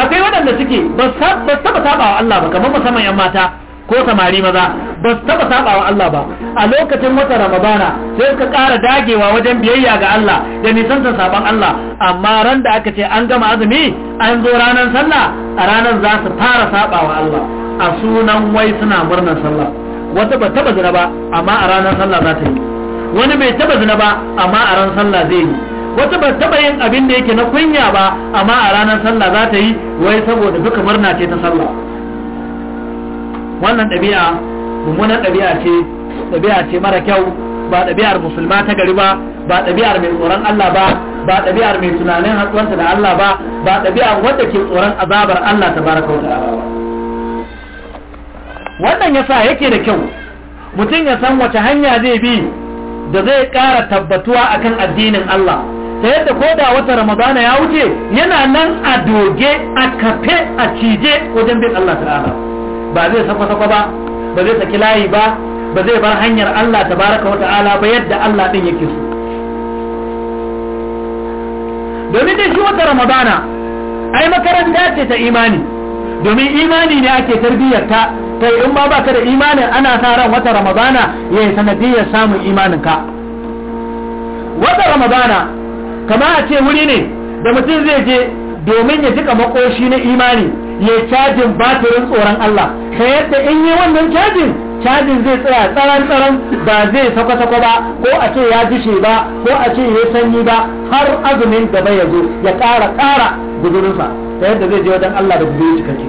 Speaker 1: akwai waɗanda suke ba su taba sabawa Allah ba kamar musamman yan mata ko samari maza ba su taba sabawa Allah ba a lokacin wata ramadana sai suka ƙara dagewa wajen biyayya ga Allah da nisantar saban Allah amma ran da aka ce an gama azumi an zo ranar sallah a ranar za su fara sabawa Allah a sunan wai suna murnar sallah wata ba taba zina ba amma a ranar sallah za ta yi wani bai taba zina ba amma a ran sallah zai yi wata ba taba yin abin da yake na kunya ba amma a ranar sallah za ta yi wai saboda duka murna ce ta sallah wannan ɗabi'a mummunan ɗabi'a ce ɗabi'a ce mara kyau ba ɗabi'ar musulma ta gari ba ba ɗabi'ar mai tsoron Allah ba ba ɗabi'ar mai tunanin hatsuwarta da Allah ba ba ɗabi'ar wanda ke tsoron azabar Allah ta baraka wa ta'ala wannan yasa yake da kyau mutum ya san wace hanya zai bi da zai ƙara tabbatuwa akan addinin Allah ta yadda ko da wata ramadana ya wuce yana nan a doge a kafe a cije wajen bin Allah ta'ala ba zai sakwa-sakwa ba ba zai saki layi ba ba zai bar hanyar Allah tabaraka wa ba yadda Allah din yake so domin dai shi wata ramadana ai makaranta ce ta imani domin imani ne ake tarbiyyar ta ta in ma baka da imanin ana sa ran wata ramadana ya yi sanadiyar samun imanin ka wata ramadana kama a ce wuri ne da mutum zai je domin ya jika makoshi na imani ya cajin batirin tsoron Allah ta yadda in yi wannan cajin cajin zai tsaya tsaron tsaron ba zai sako-sako ba ko a ce ya jishe ba ko a ce ya sanyi ba har azumin gaba ya zo ya ƙara ƙara guzurinsa ta yadda zai je wajen Allah da guzuri cikakke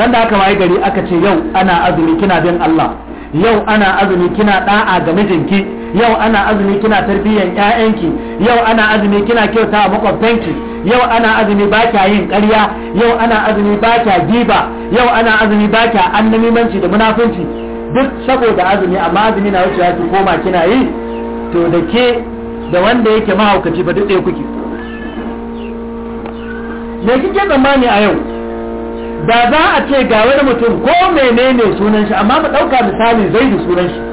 Speaker 1: ran da aka waye gari aka ce yau ana azumi kina bin Allah yau ana azumi kina ɗa'a ga mijinki yau ana azumi kina tarbiyyar ƴaƴanki yau ana azumi kina kyauta wa makwabtanki yau ana azumi ba kya yin ƙarya yau ana azumi ba kya giba yau ana azumi ba kya annamimanci da munafunci duk saboda azumi amma azumi na ya ki koma kina yi to da ke da wanda yake mahaukaci ba duk ɗaya kuke me kike tsammani a yau da za a ce ga wani mutum ko menene sunan shi amma mu ɗauka misali zaidu sunan shi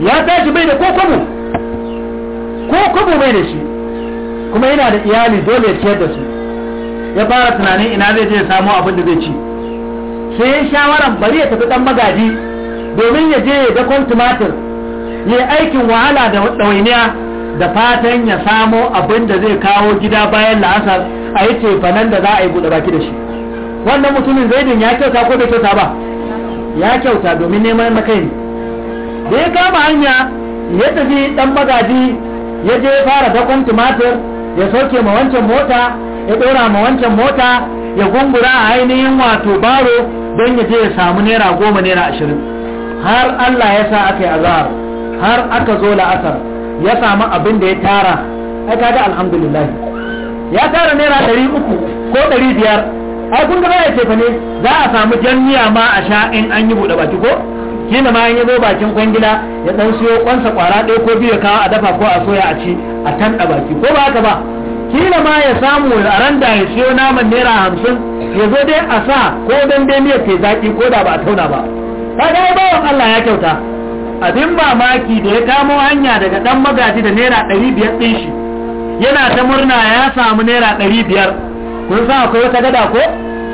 Speaker 1: ya tashi bai da ko kwabo ko kwabo bai da shi kuma yana da iyali dole ya ciyar da su ya fara tunanin ina zai je ya samu abin da zai ci sai ya shawaran bari ya tafi dan magaji domin ya je ya dakon tumatir ya yi aikin wahala da ɗawainiya da fatan ya samo abin da zai kawo gida bayan la'asar a yi cefanen da za a yi buɗe baki da shi wannan mutumin zaidin ya kyauta ko bai kyauta ba ya kyauta domin neman makai ne da ya kama hanya ya tafi dan magaji ya je fara dakon tumatir ya soke ma wancan mota ya dora ma wancan mota ya gungura a ainihin wato baro don ya je ya samu naira goma naira ashirin har allah ya sa aka yi azahar har aka zo la'asar ya samu abin da ya tara ai kaga alhamdulillah ya tara naira ɗari uku ko ɗari biyar ai kun ga ya ce fa ne za a samu miya ma a sha in an yi buɗe baki ko kila ma ya zo bakin kwangila ya dan siyo kwansa kwara ɗaya ko biyu kawo a dafa ko a soya a ci a tanɗa baki ko ba haka ba kila ma ya samu a da ya siyo naman naira hamsin ya zo dai a sa ko dan dai miyar ke zaki ko da ba a tauna ba ta ga bawan Allah ya kyauta abin mamaki da ya kamo hanya daga dan magaji da naira ɗari biyar ɗin shi yana ta murna ya samu naira ɗari biyar kun sa akwai wata gada ko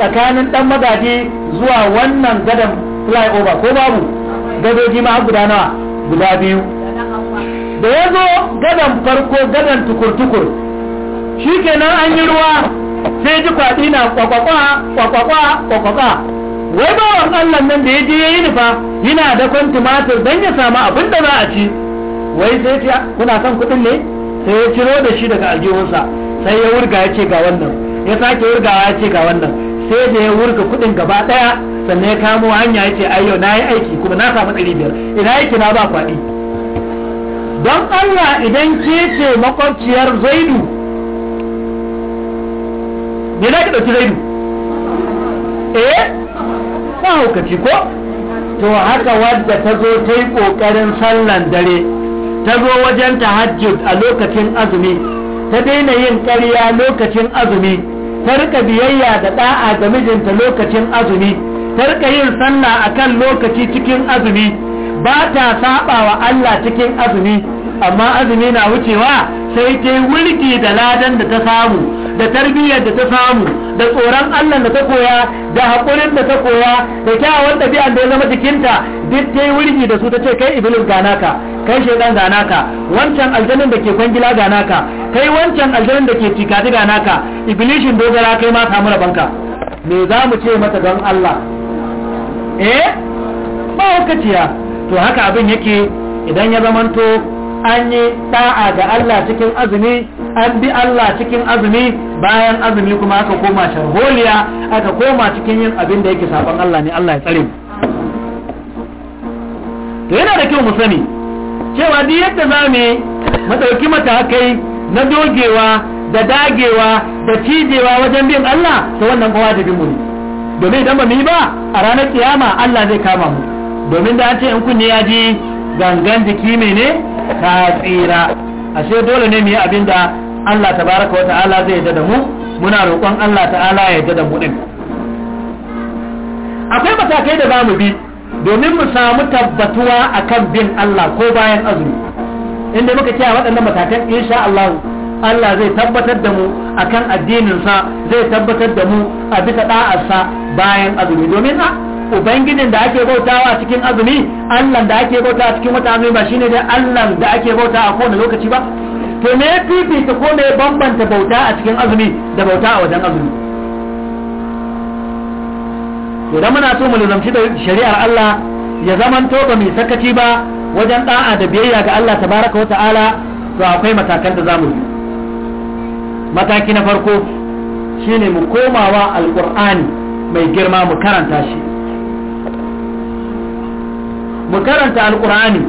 Speaker 1: tsakanin dan magaji zuwa wannan gadan flyover ko babu gadoji ma guda nawa guda biyu da ya zo gadon farko gadon tukur-tukur shi kenan an yi ruwa sai ji kwaɗi na kwakwakwa kwakwakwa kwakwakwa wai wa allah nan da ya je ya yi nufa yana da kwan tumatir don ya samu abin da za a ci wai sai ce kuna son kuɗin ne sai ya ciro da shi daga aljihunsa sai ya wurga ya ce ga wannan ya sake wurgawa ya ce ga wannan sai da ya wurga kuɗin gaba ɗaya sannan ya kamo hanya ya ce ayyau na yi aiki kuma na samu ɗari biyar ina aiki na ba kwaɗi don allah idan ke ce makwabciyar zaidu me za ki ɗauki zaidu eh ba haukaci ko to haka wadda ta zo ta yi ƙoƙarin sallan dare ta zo wajen tahajjud a lokacin azumi ta daina yin ƙarya lokacin azumi ta rika biyayya da ɗa'a ga mijinta lokacin azumi farka yin sallah akan lokaci cikin azumi ba ta saba wa Allah cikin azumi amma azumi na wucewa sai ta mulki da ladan da ta samu da tarbiyyar da ta samu da tsoron Allah da ta koya da haƙurin da ta koya da kyawawan ɗabi'an da ya zama jikinta duk ta wulki da su ta ce kai iblis gana ka kai shaidan gana ka wancan aljanin da ke kwangila gana ka kai wancan aljanin da ke cikati gana ka iblishin dogara kai ma samu rabanka me za mu ce mata don Allah eh ba hukaciya to haka abin yake idan ya zamanto an yi da'a ga Allah cikin azumi an bi Allah cikin azumi bayan azumi kuma aka koma sharholiya aka koma cikin yin abin da yake saban Allah ne Allah ya tsare to yana da kyau mu sani cewa duk yadda za mu mu matakai na dogewa da dagewa da cijewa wajen bin Allah to wannan kuma wajibin mu ne domin idan ba mu yi ba a ranar kiyama Allah zai kama mu domin da an ce in kunne ya ji gangan jiki mene ka tsira ashe dole ne mu yi abin da Allah tabaraka wa ta'ala zai yarda da mu muna roƙon Allah ta'ala ya yarda da mu din akwai matakai da zamu bi domin mu samu tabbatuwa akan bin Allah ko bayan azumi inda muka kiyaye waɗannan matakan insha Allah Allah zai tabbatar da mu a kan addininsa zai tabbatar da mu a bisa ɗa'arsa bayan azumi domin a ubangijin da ake bautawa cikin azumi Allah da ake bautawa cikin wata azumi ba shine dai Allah da ake bauta a kowane lokaci ba to me ya fifita ko me ya bambanta bauta a cikin azumi da bauta a wajen azumi to dan muna so mu lizamci da shari'ar Allah ya zamanto ba mai sakaci ba wajen ɗa'a da biyayya ga Allah tabaraka wa ta'ala to akwai matakan da zamu yi mataki na farko shine mu komawa alkur'ani mai girma mu karanta shi mu karanta alkur'ani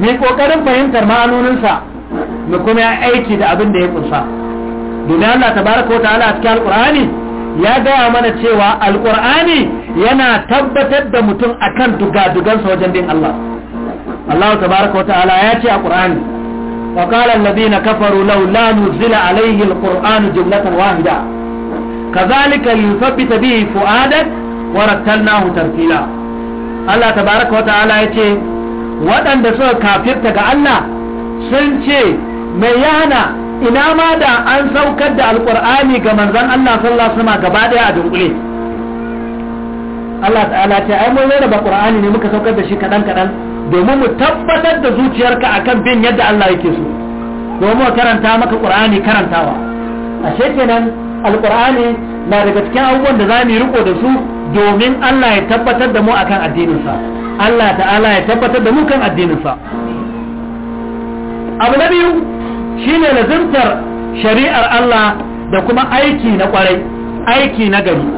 Speaker 1: mai kokarin fahimtar ma'anoninsa mu kuma ya aiki da abin da ya kunsa domin Allah tabaraka wa ta'ala a cikin alkur'ani ya gaya mana cewa alkur'ani yana tabbatar da mutum akan dugadugansa wajen bin Allah Allah tabaraka wa ta'ala ya ce a qur'ani وقال الذين كفروا لولا نزل عليه القرآن جملة واحدة كذلك لنثبت به فؤادك ورتلناه ترتيلا الله تبارك وتعالى يتي وأن دسوا كافر تقعلنا سنشي ميانا ina ma da an saukar da alkur'ani ga manzon Allah sallallahu alaihi wasallam gaba daya a dunkule Allah ta'ala ce ai mun rarraba qur'ani ne muka saukar da shi kadan domin mu tabbatar da zuciyarka akan bin yadda Allah yake so domin mu karanta maka Qur'ani karantawa ashe kenan alqur'ani na daga cikin abubuwan da zamu riko da su domin Allah ya tabbatar da mu akan addininsa Allah ta'ala ya tabbatar da mu kan addininsa abu na biyu shine lazimtar shari'ar Allah da kuma aiki na kwarai aiki na gari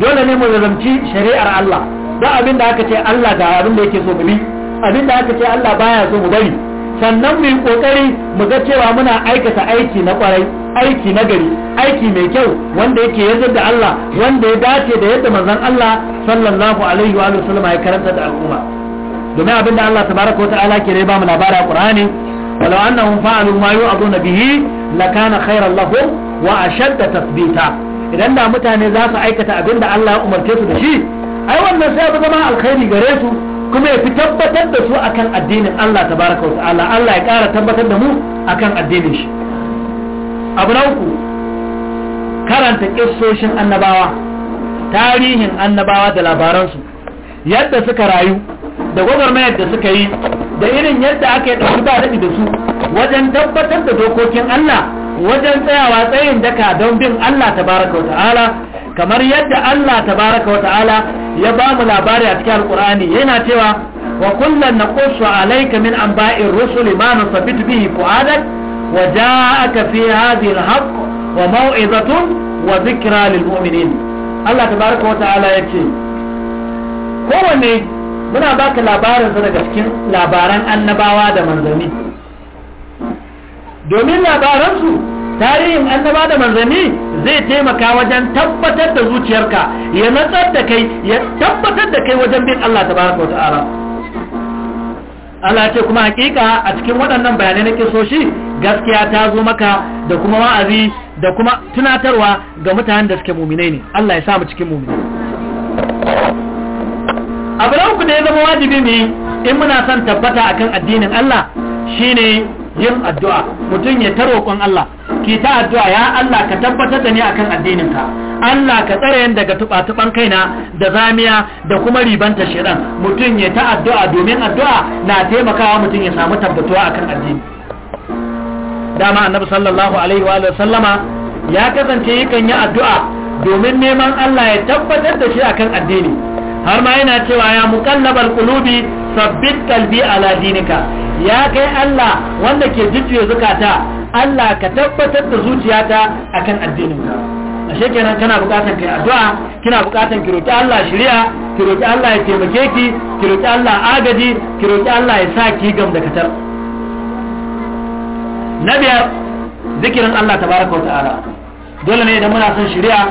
Speaker 1: dole ne mu lazimci shari'ar Allah don abin da aka ce Allah ga abin da yake so mu abinda aka ce Allah baya so mu bari sannan mu yi kokari mu ga cewa muna aikata aiki na kwarai aiki na gari aiki mai kyau wanda yake yarda da Allah wanda ya dace da yadda manzon Allah sallallahu alaihi wa sallam ya karanta da al'umma domin da Allah tabaraka wa ta'ala ke ba mu labarin Qur'ani walau annahum fa'alu ma yu'aduna bihi lakana khairan lahum wa ashadda tathbita idan da mutane za su aikata da Allah ya umarce su da shi ai wannan sai ya zama alkhairi gare su kuma ya fi tabbatar da su akan addinin Allah ta wa ta'ala Allah ya ƙara tabbatar da mu akan addinin shi abu na uku karanta kissoshin annabawa tarihin annabawa da labaransu yadda suka rayu da gwagwarmayar da suka yi da irin yadda aka yi ɗauki daɗi da su wajen tabbatar da dokokin Allah wajen tsayawa tsayin daka don bin Allah tabaraka wa ta'ala kamar yadda Allah tabaraka wa ta'ala ya ba mu labari a cikin alkur'ani yana cewa wa kullum na kusu alaika min an ba'in rusuli ma na bihi fu'adak wa ja'aka fi hadhihi al-haqq wa maw'izatun wa dhikra lil mu'minin Allah tabaraka wa ta'ala yace kowanne muna baka labarin sa daga cikin labaran annabawa da manzanni domin labaransu tarihin annaba da manzanni zai taimaka wajen tabbatar da zuciyarka ya natsar da kai ya tabbatar da kai wajen bin Allah tabaraka wa ta'ala Allah ce kuma hakika a cikin waɗannan bayanai na shi gaskiya ta zo maka da kuma wa'azi da kuma tunatarwa ga mutanen da suke muminai ne Allah ya sa mu cikin muminai abu da ya zama wajibi ne in muna son tabbata akan addinin Allah shine yin addu'a mutum ya kun Allah ki ta addu'a ya Allah ka tabbatar da ni akan addininka Allah ka tsare ni daga tuba-tuban kaina da zamiya da kuma ribanta shirin mutum ya ta addu'a domin addu'a na taimakawa mutum ya samu tabbatuwa akan addini dama annabi sallallahu alaihi wa sallama ya kasance yakan yi addu'a domin neman Allah ya tabbatar da shi akan addini har ma yana cewa ya muqallabal qulubi sabbin kalbi ala dinika ya kai Allah wanda ke jujjuya zukata Allah ka tabbatar da zuciyata akan addininka ashe kenan kana bukatan kai addu'a kina bukatan ki roki Allah shari'a ki roki Allah ya taimake ki ki roki Allah agaji ki roki Allah ya sa ki gam da katar na biyar zikirin Allah tabaraka wa ta'ala dole ne idan muna son shari'a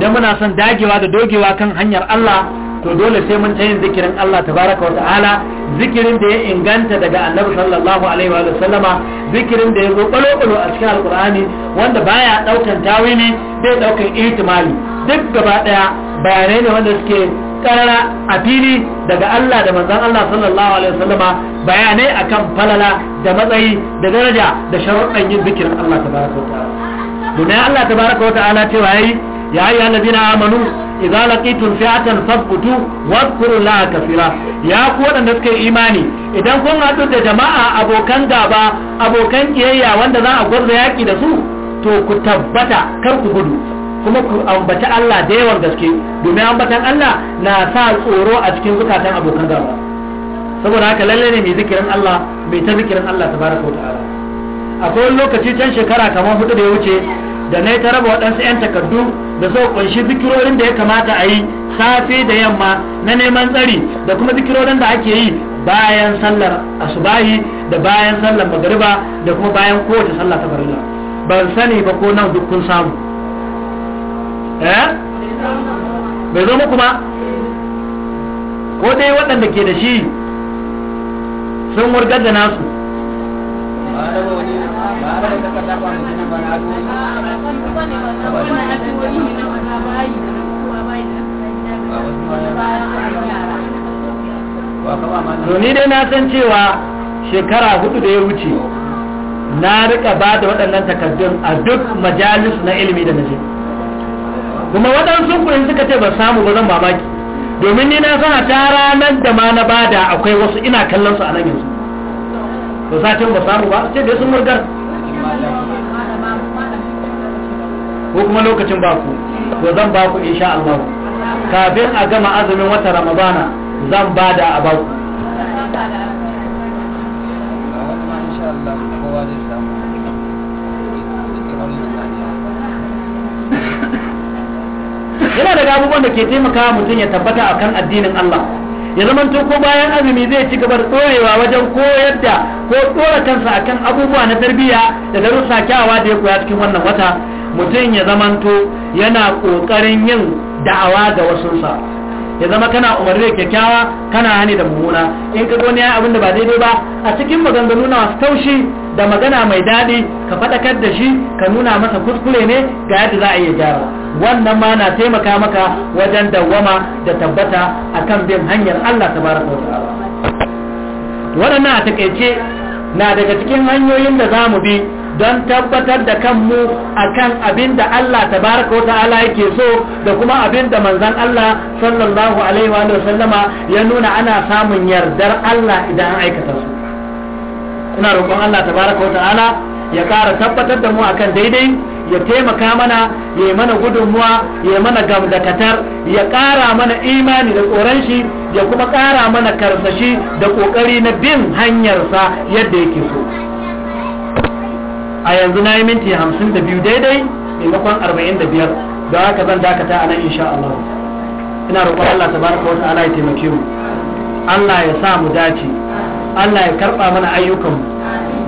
Speaker 1: idan muna son dagewa da dogewa kan hanyar Allah to dole sai mun yin zikirin Allah tabaraka wa ta'ala zikirin da ya inganta daga annabi sallallahu alaihi wa sallama zikirin da ya zo kwalo a cikin alkur'ani wanda baya ɗaukan tawili bai ɗaukan ihtimali duk gaba ɗaya bayanai ne wanda suke karara a fili daga Allah da manzon Allah sallallahu alaihi sallama, bayanai akan falala da matsayi da daraja da sharuɗan yin zikirin Allah tabaraka wa ta'ala. Dunayen Allah tabaraka wa ta'ala cewa yayi ya yi ladina amanu idza laqitum fi'atan fasbutu wadhkuru la kafira ya ku wadanda suka yi imani idan kun haɗu da jama'a abokan gaba abokan kiyayya wanda za a gwarza yaki da su to ku tabbata kar ku gudu kuma ku ambata Allah da yawan gaske domin ambatan Allah na sa tsoro a cikin zukatan abokan gaba saboda haka lalle ne mai zikirin Allah mai ta zikirin Allah tabaraka wa ta'ala akwai lokaci can shekara kamar hudu da ya wuce da na ta raba waɗansu 'yan takardu da suka kunshi zikirorin da ya kamata a yi safe da yamma na neman tsari da kuma zikirorin da ake yi bayan sallar asubahi da bayan sallar magariba da kuma bayan kowace sallar ta ban sani ba ko nan duk kun samu eh bai zo muku ba ko dai waɗanda ke da shi sun wurgar da nasu to ni dai na san cewa shekara hudu da ya wuce na rika ba da waɗannan takardun a duk majalis na ilimi da naje kuma waɗansu kuɗin suka ce ba samu ba zan mamaki domin ni na sana ta ranar da ma na bada akwai wasu ina kallon su a nan yanzu to satin ba samu ba sai dai sun murgar
Speaker 2: ko kuma lokacin ba
Speaker 1: ku to zan ba ku insha Allah kafin a gama azumin wata ramadana zan ba da a ba ku yana daga abubuwan da ke taimaka mutum ya tabbata akan addinin Allah ya zama to ko bayan azumi zai ci gaba da ɗorewa wajen koyar da ko ɗora kansa akan abubuwa na tarbiyya da darussa kyawawa da ya koya cikin wannan wata mutum ya zama to yana ƙoƙarin yin da'awa ga wasunsa ya zama kana umarni da kyakkyawa kana hani da mummuna in ka wani abin da ba daidai ba a cikin maganganu na masu taushi da magana mai daɗi ka faɗakar da shi ka nuna masa kuskure ne ga yadda za a iya gyara wannan ma na taimaka maka wajen dawwama da tabbata akan bin hanyar Allah tabaraka wa ta'ala waɗannan a takaice na daga cikin hanyoyin da za mu bi don tabbatar da kanmu akan abin da Allah tabaraka wa ta'ala yake so da kuma abin da manzon Allah sallallahu alaihi wa sallama ya nuna ana samun yardar Allah idan an aikata su ina roƙon Allah tabaraka wata'ala ya ƙara tabbatar da mu akan daidai ya taimaka mana ya yi mana gudunmuwa ya yi mana gamdakatar ya ƙara mana imani da tsoron shi ya kuma ƙara mana karsashi da ƙoƙari na bin hanyarsa yadda yake so a yanzu na yi minti hamsin da biyu daidai maimakon arba'in da biyar da haka zan dakata a nan insha Allah ina roƙon Allah tabaraka ya taimake mu Allah ya sa mu dace Allah ya karɓa mana ayyukan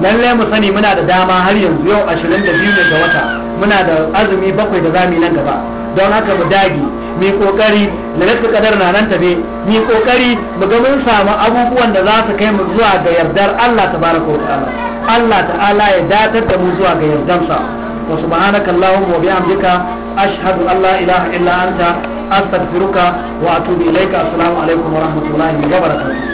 Speaker 1: lallai mu sani muna da dama har yanzu yau biyu ne ga wata muna da azumi bakwai da zamu nan gaba don haka mu dage mu kokari lalatul kadar na nan tabe mu kokari mu ga mun samu abubuwan da za su kai mu zuwa ga yardar Allah tabaraka wa ta'ala Allah ta'ala ya datar da mu zuwa ga yardansa wa subhanaka allahumma wa bihamdika ashhadu an la ilaha illa anta astaghfiruka wa atubu ilayka assalamu alaikum wa rahmatullahi wa barakatuh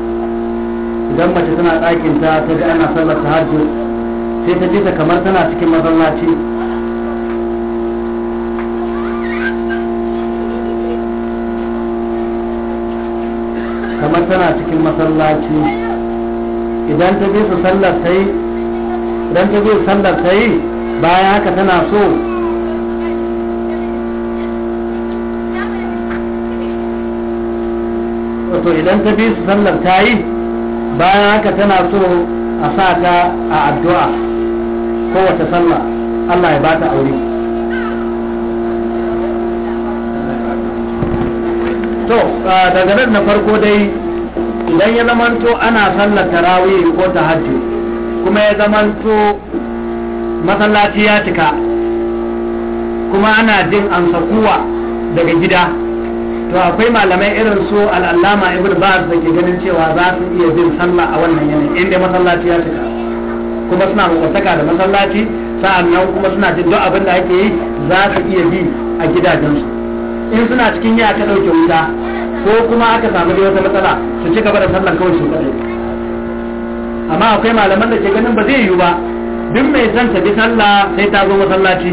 Speaker 1: dan mace tana ɗakin ta ta ana sallar ta sai ta ta kamar tana cikin masallaci kamar tana cikin masallaci idan ta je su sallar ta yi idan ta sallar ta yi bayan haka tana so idan ta bi su sallar ta yi bayan haka tana so a sa ta a addu'a ko kowace sallah Allah ya ba ta aure to daga nan na farko dai idan ya zamanto ana sallar tarawih ko ta tahajjud kuma ya zamanto masallaci ya cika kuma ana jin ansakuwa daga gida to akwai malamai irin su al'allama ibn ba'ad da ke ganin cewa za su iya bin sallah a wannan yanayi inda masallaci ya cika kuma suna makwataka da masallaci sa'annan kuma suna jin duk abin da ake yi za su iya bi a gidajensu in suna cikin yi ta ɗauke wuta ko kuma aka samu da wata matsala su ci gaba da sallan kawai su kaɗai amma akwai malaman da ke ganin ba zai yiwu ba duk mai son ta bi sallah sai ta zo masallaci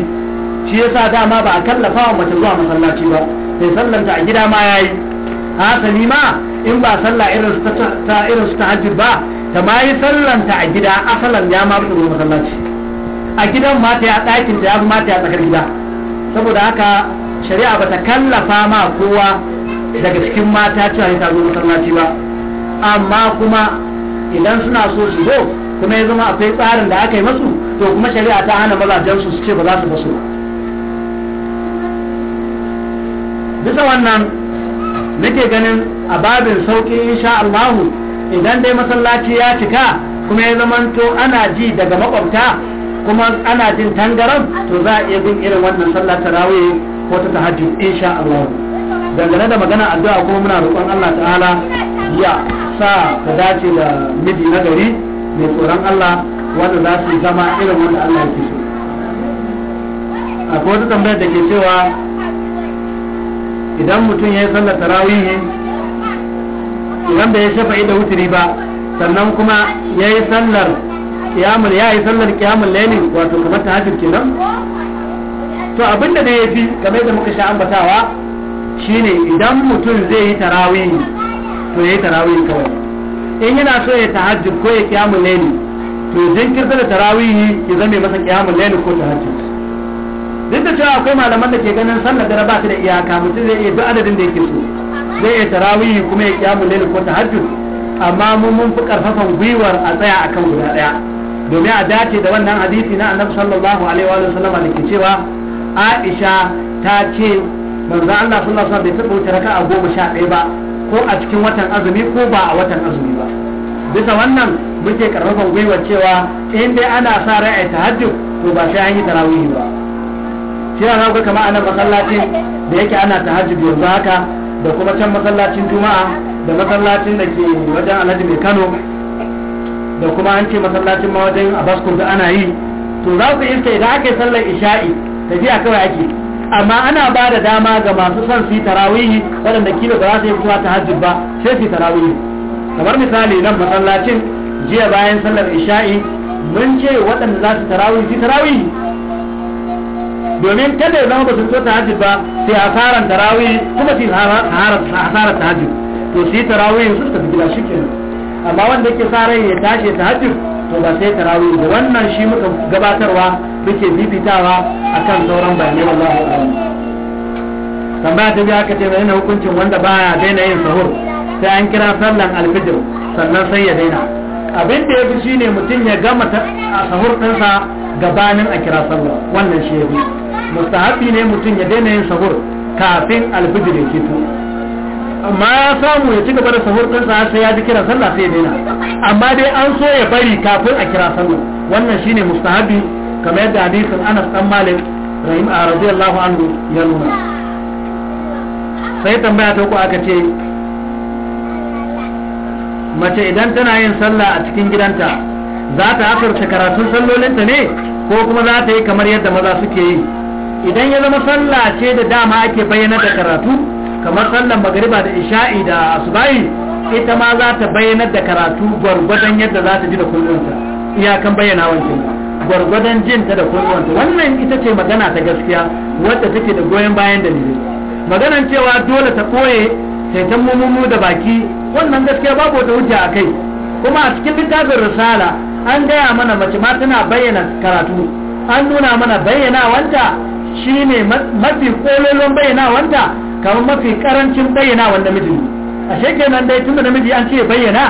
Speaker 1: shi yasa dama ba a kallafa wa mace zuwa masallaci ba sai sallanta a gida ma yayi hasali ma in ba sallah irin su ta hajji ba ta ma yi sallanta a gida asalan ya ma rubuta masallaci a gidan ma ta ya ɗakin ta ya ma ta ya tsakar gida saboda haka shari'a ba ta kallafa ma kowa daga cikin mata cewa ya zuwa masallaci ba amma kuma idan suna so su zo kuma ya zama akwai tsarin da aka yi masu to kuma shari'a ta hana mazajen su su ce ba za su basu ba bisa wannan nake ganin a babin sauƙi insha Allahu idan dai masallaci ya cika kuma ya zamanto ana ji daga makwabta kuma ana jin tangaran to za a iya bin irin wannan sallah tarawih ko ta tahajjud insha Allahu dangane da magana addu'a kuma muna roƙon Allah ta'ala ya sa ka dace da miji na gari mai tsoron Allah wanda za su zama irin wanda Allah ya fi
Speaker 2: so akwai wata tambayar da ke
Speaker 1: cewa idan mutum ya yi sallar tarawihi idan bai shafa da wuturi ba sannan kuma ya yi sallar kiyamul ya yi sallar kiyamul laili wato kamar ta hajjir kenan
Speaker 2: to abin da ya fi
Speaker 1: kamar da muka sha ambatawa shine idan mutum zai yi tarawihi to ya yi tarawihi kawai in yana so ya tahajjud ko ya kiyamul laili to jinkirta da tarawihi ya zame masa kiyamul laili ko tahajjud duk da cewa akwai malaman da ke ganin sallar dare ba ta da iyaka mutum zai iya duk adadin da yake
Speaker 2: so zai
Speaker 1: iya tarawihi kuma ya kiyamu lele ko hajju amma mun mun fi karfafan gwiwar a tsaya akan guda ɗaya domin a dace da wannan hadisi na annabi sallallahu alaihi wa sallam da ke cewa Aisha ta ce manzo Allah sallallahu alaihi sallam bai taɓa wuce goma sha ɗaya ba ko a cikin watan azumi ko ba a watan azumi ba bisa wannan muke karfafan gwiwar cewa in dai ana sa ra'ayi hajju to ba sai an yi tarawihi ba shi ya ga kama a nan masallacin da yake ana tahajjud yanzu haka da kuma can masallacin juma'a da masallacin da ke wajen alhaji mai kano da kuma an ce masallacin ma wajen abaskur da ana yi to za ku iska idan aka yi sallar isha'i tafiya kawai ake amma ana ba da dama ga masu son su yi tarawihi waɗanda kilo ba za su yi zuwa tahajjud ba sai su yi tarawihi kamar misali nan masallacin jiya bayan sallar isha'i mun ce waɗanda za su tarawihi su tarawihi domin kada ya zama ba su so tahajjud ba sai asaran tarawih kuma sai hasaran tahajjud to sai tarawih su tafi gida shikenan amma wanda yake sa rai ya tashi tahajjud to ba sai tarawih ba wannan shi muka gabatarwa muke bibitawa akan sauran bayanai wallahi a'lam tambaya ta biya ka ce mai hukuncin wanda baya daina yin sahur sai an kira sallan alfijir sannan sai ya daina abin da ya fi shi ne mutum ya gama sahur ɗinsa gabanin a kira sallah wannan shi ya fi mustahabi ne mutum ya daina yin sahur kafin alfijir ya fito amma ya samu ya ci gaba da sahur ɗinsa sai ya ji kira sallah sai ya daina amma dai an so ya bari kafin a kira sallah wannan shi ne mustahabi kamar yadda hadisin anas dan malik rahim a radiyallahu anhu ya nuna sai tambaya ta uku aka ce mace idan tana yin sallah a cikin gidanta za ta asarta karatun sallolinta ne ko kuma za ta yi kamar yadda maza suke yi idan ya zama sallah ce da dama ake bayyana da karatu kamar sallan magariba da isha'i da asubahi ita ma za ta bayyana da karatu gwargwadon yadda za ta ji da kullunta iyakan bayyana wancan gwargwadon jin ta da kullunta wannan ita ce magana ta gaskiya wadda take da goyon bayan dalilai maganan cewa dole ta koye taitan mumumu da baki wannan gaskiya babu wata hujja a kai kuma a cikin littafin risala an gaya mana mace ma tana bayyana karatu an nuna mana bayyanawanta shi shine mafi kololon bayyanawanta kamar mafi karancin bayyanawan namiji a shekenan dai tun da namiji an ce bayyana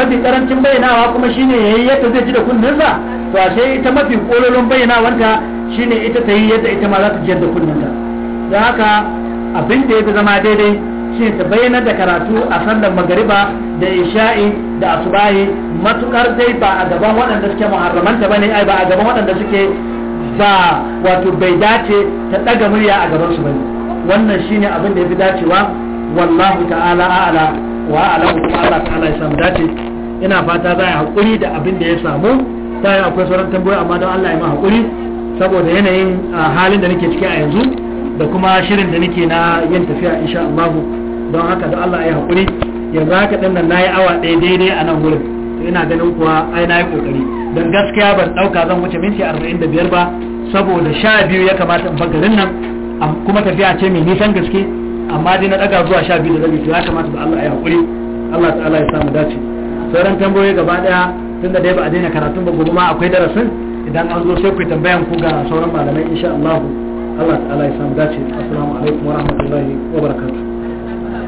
Speaker 1: mafi karancin bayyanawa kuma shine ya yayi yadda zai ji da kunninsa to a sai ita mafi kololon bayyanawanta shi shine ita ta yi yadda ita ma za ta ji da kunninta don haka abin da ya zama daidai shi ta bayyana da karatu a sallar magariba da isha'i da asubahi matukar dai ba a gaban waɗanda suke muharramanta ba ne ai ba a gaban waɗanda suke ba wato bai dace ta ɗaga murya a gabansu su ne wannan shine abin da ya fi dacewa wallahu ta'ala a'ala wa a'lamu kuma Allah ta'ala ya samu dace ina fata za a haƙuri da abin da ya samu ta yi akwai sauran tambayoyi amma don Allah ya ma haƙuri saboda yanayin halin da nake ciki a yanzu da kuma shirin da nake na yin tafiya insha Allah don haka da Allah ya haƙuri yanzu haka ɗin nan nayi yi awa ɗaya daidai a nan wurin ina ganin kuwa ai nayi kokari ƙoƙari don gaskiya ban ɗauka zan wuce minti arba'in da biyar ba saboda sha biyu ya kamata in garin nan kuma tafiya ce mai nisan gaske amma dai na ɗaga zuwa sha biyu da yi ya kamata da Allah ya haƙuri Allah Allah ya samu dace sauran tambayoyi gaba ɗaya tunda dai ba a daina karatun ba gobe ma akwai darasin idan an zo sai ku tambayan ku ga sauran malamai insha Allah Allah Allah ya samu dace assalamu alaikum wa rahmatullahi
Speaker 2: wa